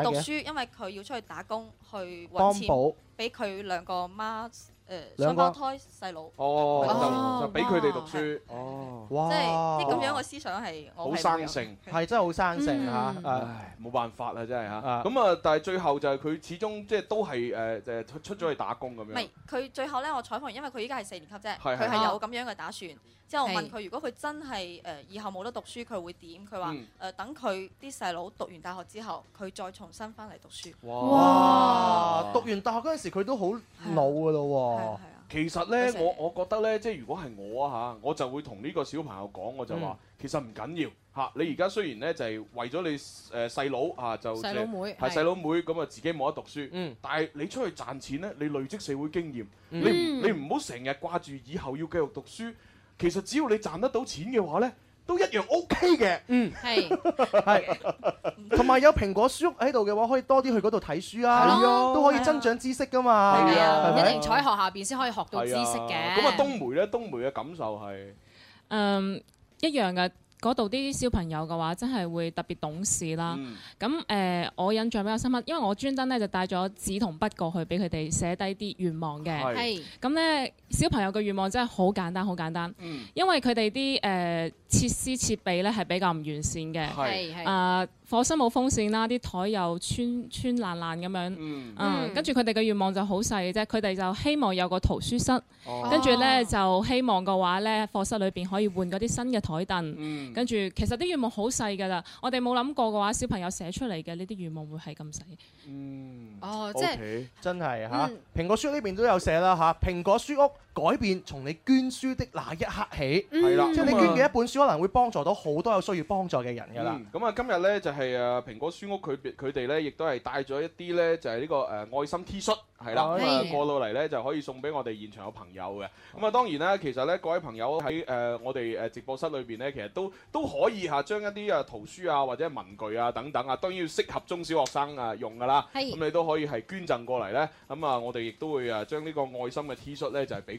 唔讀書，因為佢要出去打工去揾錢，俾佢兩個媽誒雙胞胎細佬哦，就俾佢哋讀書哦，即係呢咁樣嘅思想係好生性，我係真係好生性嚇，唉冇辦法啦真係嚇，咁啊但係最後就係佢始終即係都係誒誒出咗去打工咁樣，唔係佢最後咧，我採訪完因為佢依家係四年級啫，佢係有咁樣嘅打算。即係我問佢，如果佢真係誒以後冇得讀書，佢會點？佢話誒等佢啲細佬讀完大學之後，佢再重新翻嚟讀書。哇！讀完大學嗰陣時，佢都好老噶咯喎。係啊係啊。其實呢，我我覺得呢，即係如果係我啊嚇，我就會同呢個小朋友講，我就話其實唔緊要嚇。你而家雖然呢，就係為咗你誒細佬嚇就細佬妹係細佬妹咁啊，自己冇得讀書。但係你出去賺錢呢，你累積社會經驗，你你唔好成日掛住以後要繼續讀書。其實只要你賺得到錢嘅話呢，都一樣 OK 嘅。嗯，係係，同埋 有蘋果書屋喺度嘅話，可以多啲去嗰度睇書啊，啊都可以增長知識噶嘛。係啊，一定、啊、吧坐喺學校邊先可以學到知識嘅。咁啊，冬梅呢？冬梅嘅感受係誒、嗯、一樣嘅。嗰度啲小朋友嘅話，真係會特別懂事啦。咁誒、嗯呃，我印象比較深刻，因為我專登咧就帶咗紙同筆過去俾佢哋寫低啲願望嘅。係是。咁咧，小朋友嘅願望真係好簡單，好簡單。嗯、因為佢哋啲誒。呃設施設備咧係比較唔完善嘅，係、係、啊、呃、課室冇風扇啦，啲台又穿穿爛爛咁樣，嗯，嗯，跟住佢哋嘅願望就好細嘅啫，佢哋就希望有個圖書室，哦、跟住咧就希望嘅話咧，課室裏邊可以換嗰啲新嘅台凳，嗯、跟住其實啲願望好細㗎啦，我哋冇諗過嘅話，小朋友寫出嚟嘅呢啲願望會係咁細，嗯，哦，即係真係嚇，蘋果書呢邊都有寫啦嚇，蘋果書屋。改變從你捐書的那一刻起，係啦、嗯，即係你捐嘅一本書，可能、嗯、會幫助到好多有需要幫助嘅人㗎啦。咁、嗯、啊，今日咧就係、是、誒蘋果書屋佢佢哋咧，亦都係帶咗一啲咧，就係、是、呢、這個誒、啊、愛心 T 恤係啦。咁啊、嗯、對的過到嚟咧，就可以送俾我哋現場嘅朋友嘅。咁啊的，當然啦，其實咧各位朋友喺誒、啊、我哋誒直播室裏邊咧，其實都都可以嚇、啊、將一啲啊圖書啊或者文具啊等等啊，當然要適合中小學生啊用㗎啦。咁的，你都可以係捐贈過嚟咧。咁啊，我哋亦都會誒將呢個愛心嘅 T 恤咧，就係俾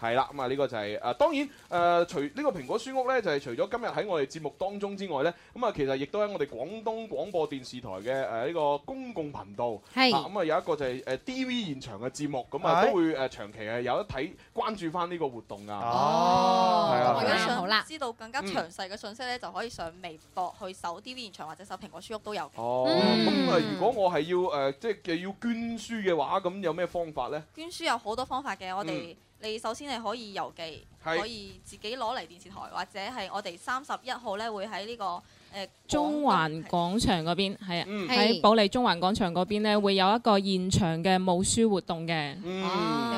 係啦，咁啊呢個就係、是、誒、啊、當然誒、呃、除呢、這個蘋果書屋咧，就係、是、除咗今日喺我哋節目當中之外咧，咁、嗯、啊其實亦都喺我哋廣東廣播電視台嘅誒呢個公共頻道，是啊咁啊、嗯、有一個就係誒 D V 現場嘅節目，咁、嗯、啊、嗯、都會誒、呃、長期係有一睇，關注翻呢個活動啊。哦，咁樣好啦。哦、的知道更加詳細嘅信息咧，嗯、就可以上微博去搜 D V 現場或者搜蘋果書屋都有。哦，咁啊如果我係要誒即係要捐書嘅話，咁有咩方法咧？捐書有好多方法嘅，我哋、嗯。你首先你可以郵寄，是可以自己攞嚟電視台，或者係我哋三十一號咧會喺呢、這個誒、呃、中環廣場嗰邊，係啊、嗯，喺保是利中環廣場嗰邊咧會有一個現場嘅募書活動嘅，希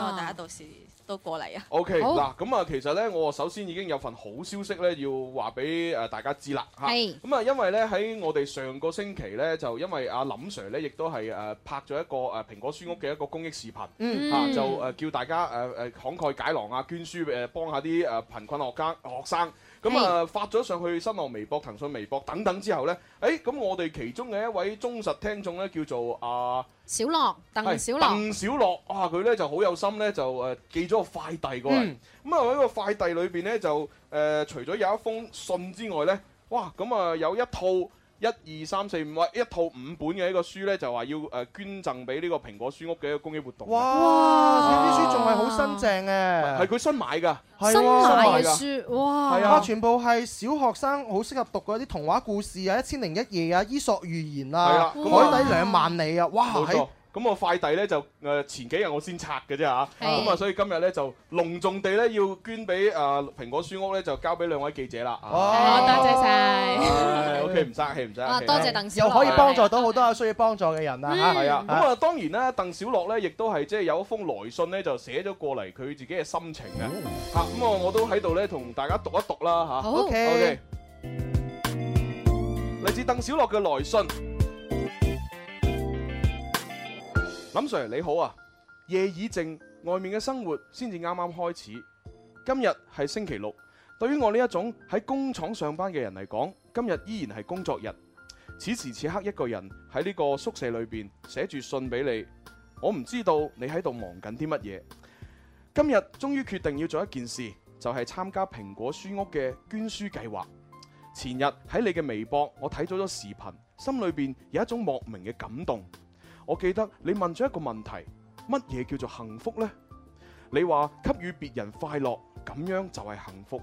望大家到時。嗯都過嚟啊！O K 嗱咁啊，其實咧，我首先已經有份好消息咧，要話俾誒大家知啦嚇。係咁是啊，因為咧喺我哋上個星期咧，就因為阿、啊、林 Sir 咧，亦都係誒拍咗一個誒、啊、蘋果書屋嘅一個公益視頻嚇、嗯啊，就誒、啊、叫大家誒誒、啊、慷慨解囊啊，捐書誒、啊、幫下啲誒貧困學家、學生。咁啊，發咗上去新浪微博、騰訊微博等等之後呢，誒、哎，咁我哋其中嘅一位忠實聽眾呢，叫做啊小樂，鄧小樂，鄧小樂，哇、啊，佢呢就好有心呢，就誒寄咗個快遞過嚟。咁啊喺個快遞裏邊呢，就誒、呃、除咗有一封信之外呢，哇，咁啊有一套。一二三四五，一套五本嘅一個書呢，就話要誒捐贈俾呢個蘋果書屋嘅一個公益活動。哇！呢啲哇書仲係好新淨嘅，係佢、啊、新買㗎，新買嘅書，哇！全部係小學生好適合讀嗰啲童話故事啊，一千零一夜啊，伊索寓言啊。啦哇，海底兩萬里啊，哇！冇錯咁我快遞咧就誒前幾日我先拆嘅啫嚇，咁啊所以今日咧就隆重地咧要捐俾誒蘋果書屋咧，就交俾兩位記者啦。哦，多謝晒。OK，唔生氣，唔生氣。哇，多謝鄧小樂又可以幫助到好多需要幫助嘅人啦。係啊，咁啊當然啦，鄧小樂咧亦都係即係有一封來信咧，就寫咗過嚟佢自己嘅心情嘅。啊，咁啊我都喺度咧同大家讀一讀啦嚇。OK，嚟自鄧小樂嘅來信。林 sir 你好啊，夜已靜，外面嘅生活先至啱啱開始。今日係星期六，對於我呢一種喺工廠上班嘅人嚟講，今日依然係工作日。此時此刻，一個人喺呢個宿舍裏邊寫住信俾你，我唔知道你喺度忙緊啲乜嘢。今日終於決定要做一件事，就係、是、參加蘋果書屋嘅捐書計劃。前日喺你嘅微博，我睇咗咗視頻，心裏邊有一種莫名嘅感動。我記得你問咗一個問題，「乜嘢叫做幸福呢？你」你話給予別人快樂，咁樣就係幸福。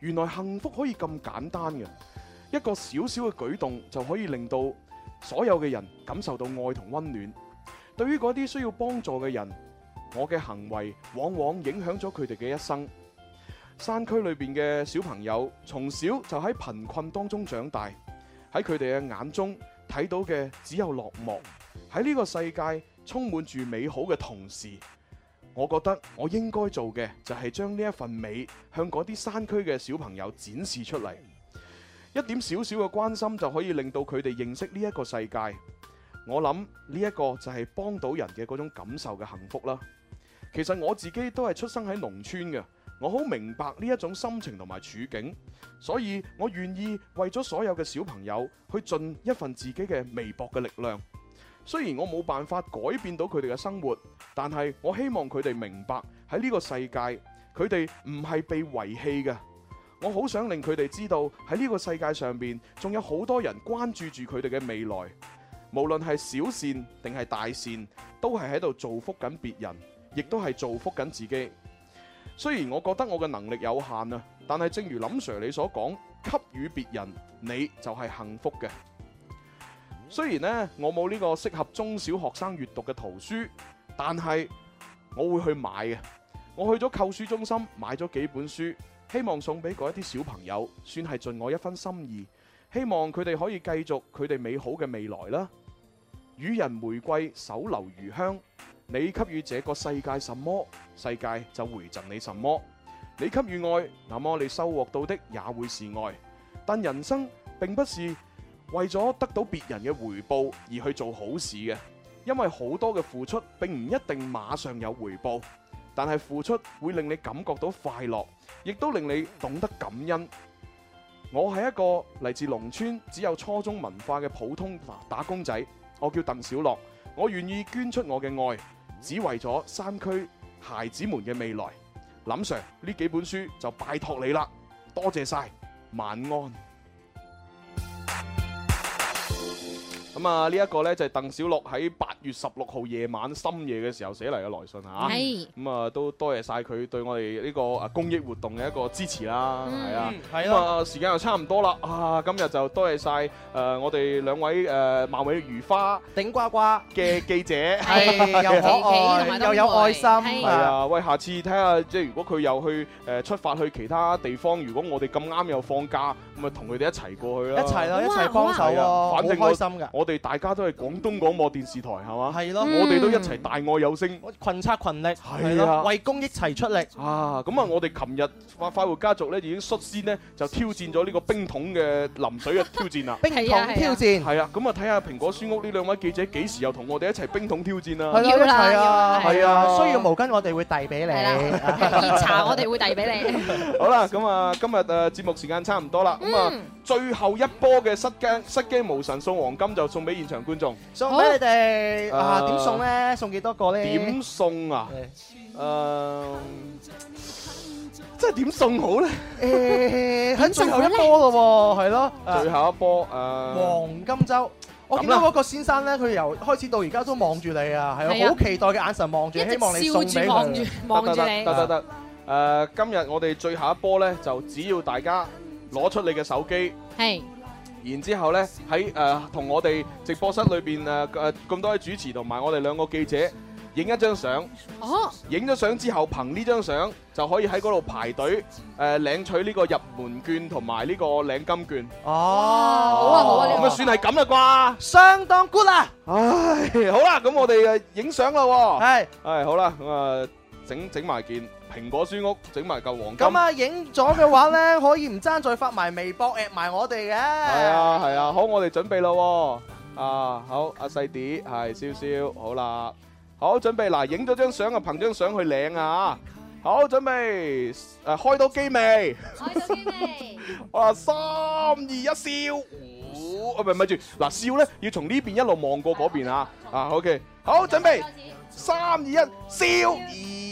原來幸福可以咁簡單嘅，一個小小嘅舉動就可以令到所有嘅人感受到愛同溫暖。對於嗰啲需要幫助嘅人，我嘅行為往往影響咗佢哋嘅一生。山區裏邊嘅小朋友從小就喺貧困當中長大，喺佢哋嘅眼中睇到嘅只有落寞。喺呢個世界充滿住美好嘅同時，我覺得我應該做嘅就係將呢一份美向嗰啲山區嘅小朋友展示出嚟。一點小小嘅關心就可以令到佢哋認識呢一個世界。我諗呢一個就係幫到人嘅嗰種感受嘅幸福啦。其實我自己都係出生喺農村嘅，我好明白呢一種心情同埋處境，所以我願意為咗所有嘅小朋友去盡一份自己嘅微薄嘅力量。雖然我冇辦法改變到佢哋嘅生活，但係我希望佢哋明白喺呢個世界，佢哋唔係被遺棄嘅。我好想令佢哋知道喺呢個世界上面，仲有好多人關注住佢哋嘅未來。無論係小善定係大善，都係喺度造福緊別人，亦都係造福緊自己。雖然我覺得我嘅能力有限啊，但係正如林 Sir 你所講，給予別人你就係幸福嘅。雖然呢，我冇呢個適合中小學生閱讀嘅圖書，但係我會去買嘅。我去咗購書中心買咗幾本書，希望送俾嗰一啲小朋友，算係盡我一分心意。希望佢哋可以繼續佢哋美好嘅未來啦。予人玫瑰，手留餘香。你給予這個世界什麼，世界就回贈你什麼。你給予愛，那麼你收穫到的也會是愛。但人生並不是為咗得到別人嘅回報而去做好事嘅，因為好多嘅付出並唔一定馬上有回報，但係付出會令你感覺到快樂，亦都令你懂得感恩。我係一個嚟自農村、只有初中文化嘅普通打工仔，我叫鄧小樂，我願意捐出我嘅愛，只為咗山區孩子們嘅未來。林 Sir，呢幾本書就拜託你啦，多謝晒，晚安。咁啊，呢一個咧就係鄧小六喺八月十六號夜晚深夜嘅時候寫嚟嘅來信吓，咁啊都多謝晒佢對我哋呢個誒公益活動嘅一個支持啦，係啊，咁啊時間又差唔多啦，啊今日就多謝晒誒我哋兩位誒萬美如花頂呱呱嘅記者，係又可愛又有愛心，係啊，喂，下次睇下即係如果佢又去誒出發去其他地方，如果我哋咁啱又放假，咁咪同佢哋一齊過去啦，一齊啦，一齊幫手，反正開心㗎。我哋大家都係廣東廣播電視台係嘛？係咯，我哋都一齊大愛有聲，群策群力，係啊，為公益一齊出力啊！咁啊，我哋琴日快快活家族咧已經率先咧就挑戰咗呢個冰桶嘅淋水嘅挑戰啦。冰桶挑戰係啊！咁啊，睇下蘋果書屋呢兩位記者幾時又同我哋一齊冰桶挑戰啊？要啦，係啊，係啊，需要毛巾我哋會遞俾你，熱茶我哋會遞俾你。好啦，咁啊，今日誒節目時間差唔多啦。咁啊，最後一波嘅失驚失驚無神送黃金就。送俾現場觀眾，送俾你哋啊！點送咧？送幾多個咧？點送啊？誒，即係點送好咧？誒，喺最後一波咯喎，係咯。最後一波誒，黃金周，我見到嗰個先生咧，佢由開始到而家都望住你啊，係啊，好期待嘅眼神望住，希望你送俾，望住，望住你。得得得，誒，今日我哋最後一波咧，就只要大家攞出你嘅手機。係。然之後呢，喺誒同我哋直播室裏邊誒誒咁多位主持同埋我哋兩個記者影一張相，影咗相之後憑呢張相就可以喺嗰度排隊誒領取呢個入門券同埋呢個領金券。哦，好啊好啊，咁啊算係咁啦啩，相當 good 啦。唉，好啦，咁我哋誒影相啦喎。係，係好啦，咁啊整整埋件。蘋果書屋整埋嚿黃金咁啊！影咗嘅話咧，可以唔爭再發埋微博 at 埋我哋嘅。係啊係啊，好我哋準備啦、啊啊啊啊啊，啊好阿細碟係笑笑，好啦，好準備嗱，影咗張相啊，憑張相去領啊，好準備誒、啊啊，開到機未？ 開到機未？ 啊，三二一笑！唔係咪住嗱？笑咧要從呢邊一路望過嗰邊啊，啊，啊，OK，好準備，開始三二一笑。二。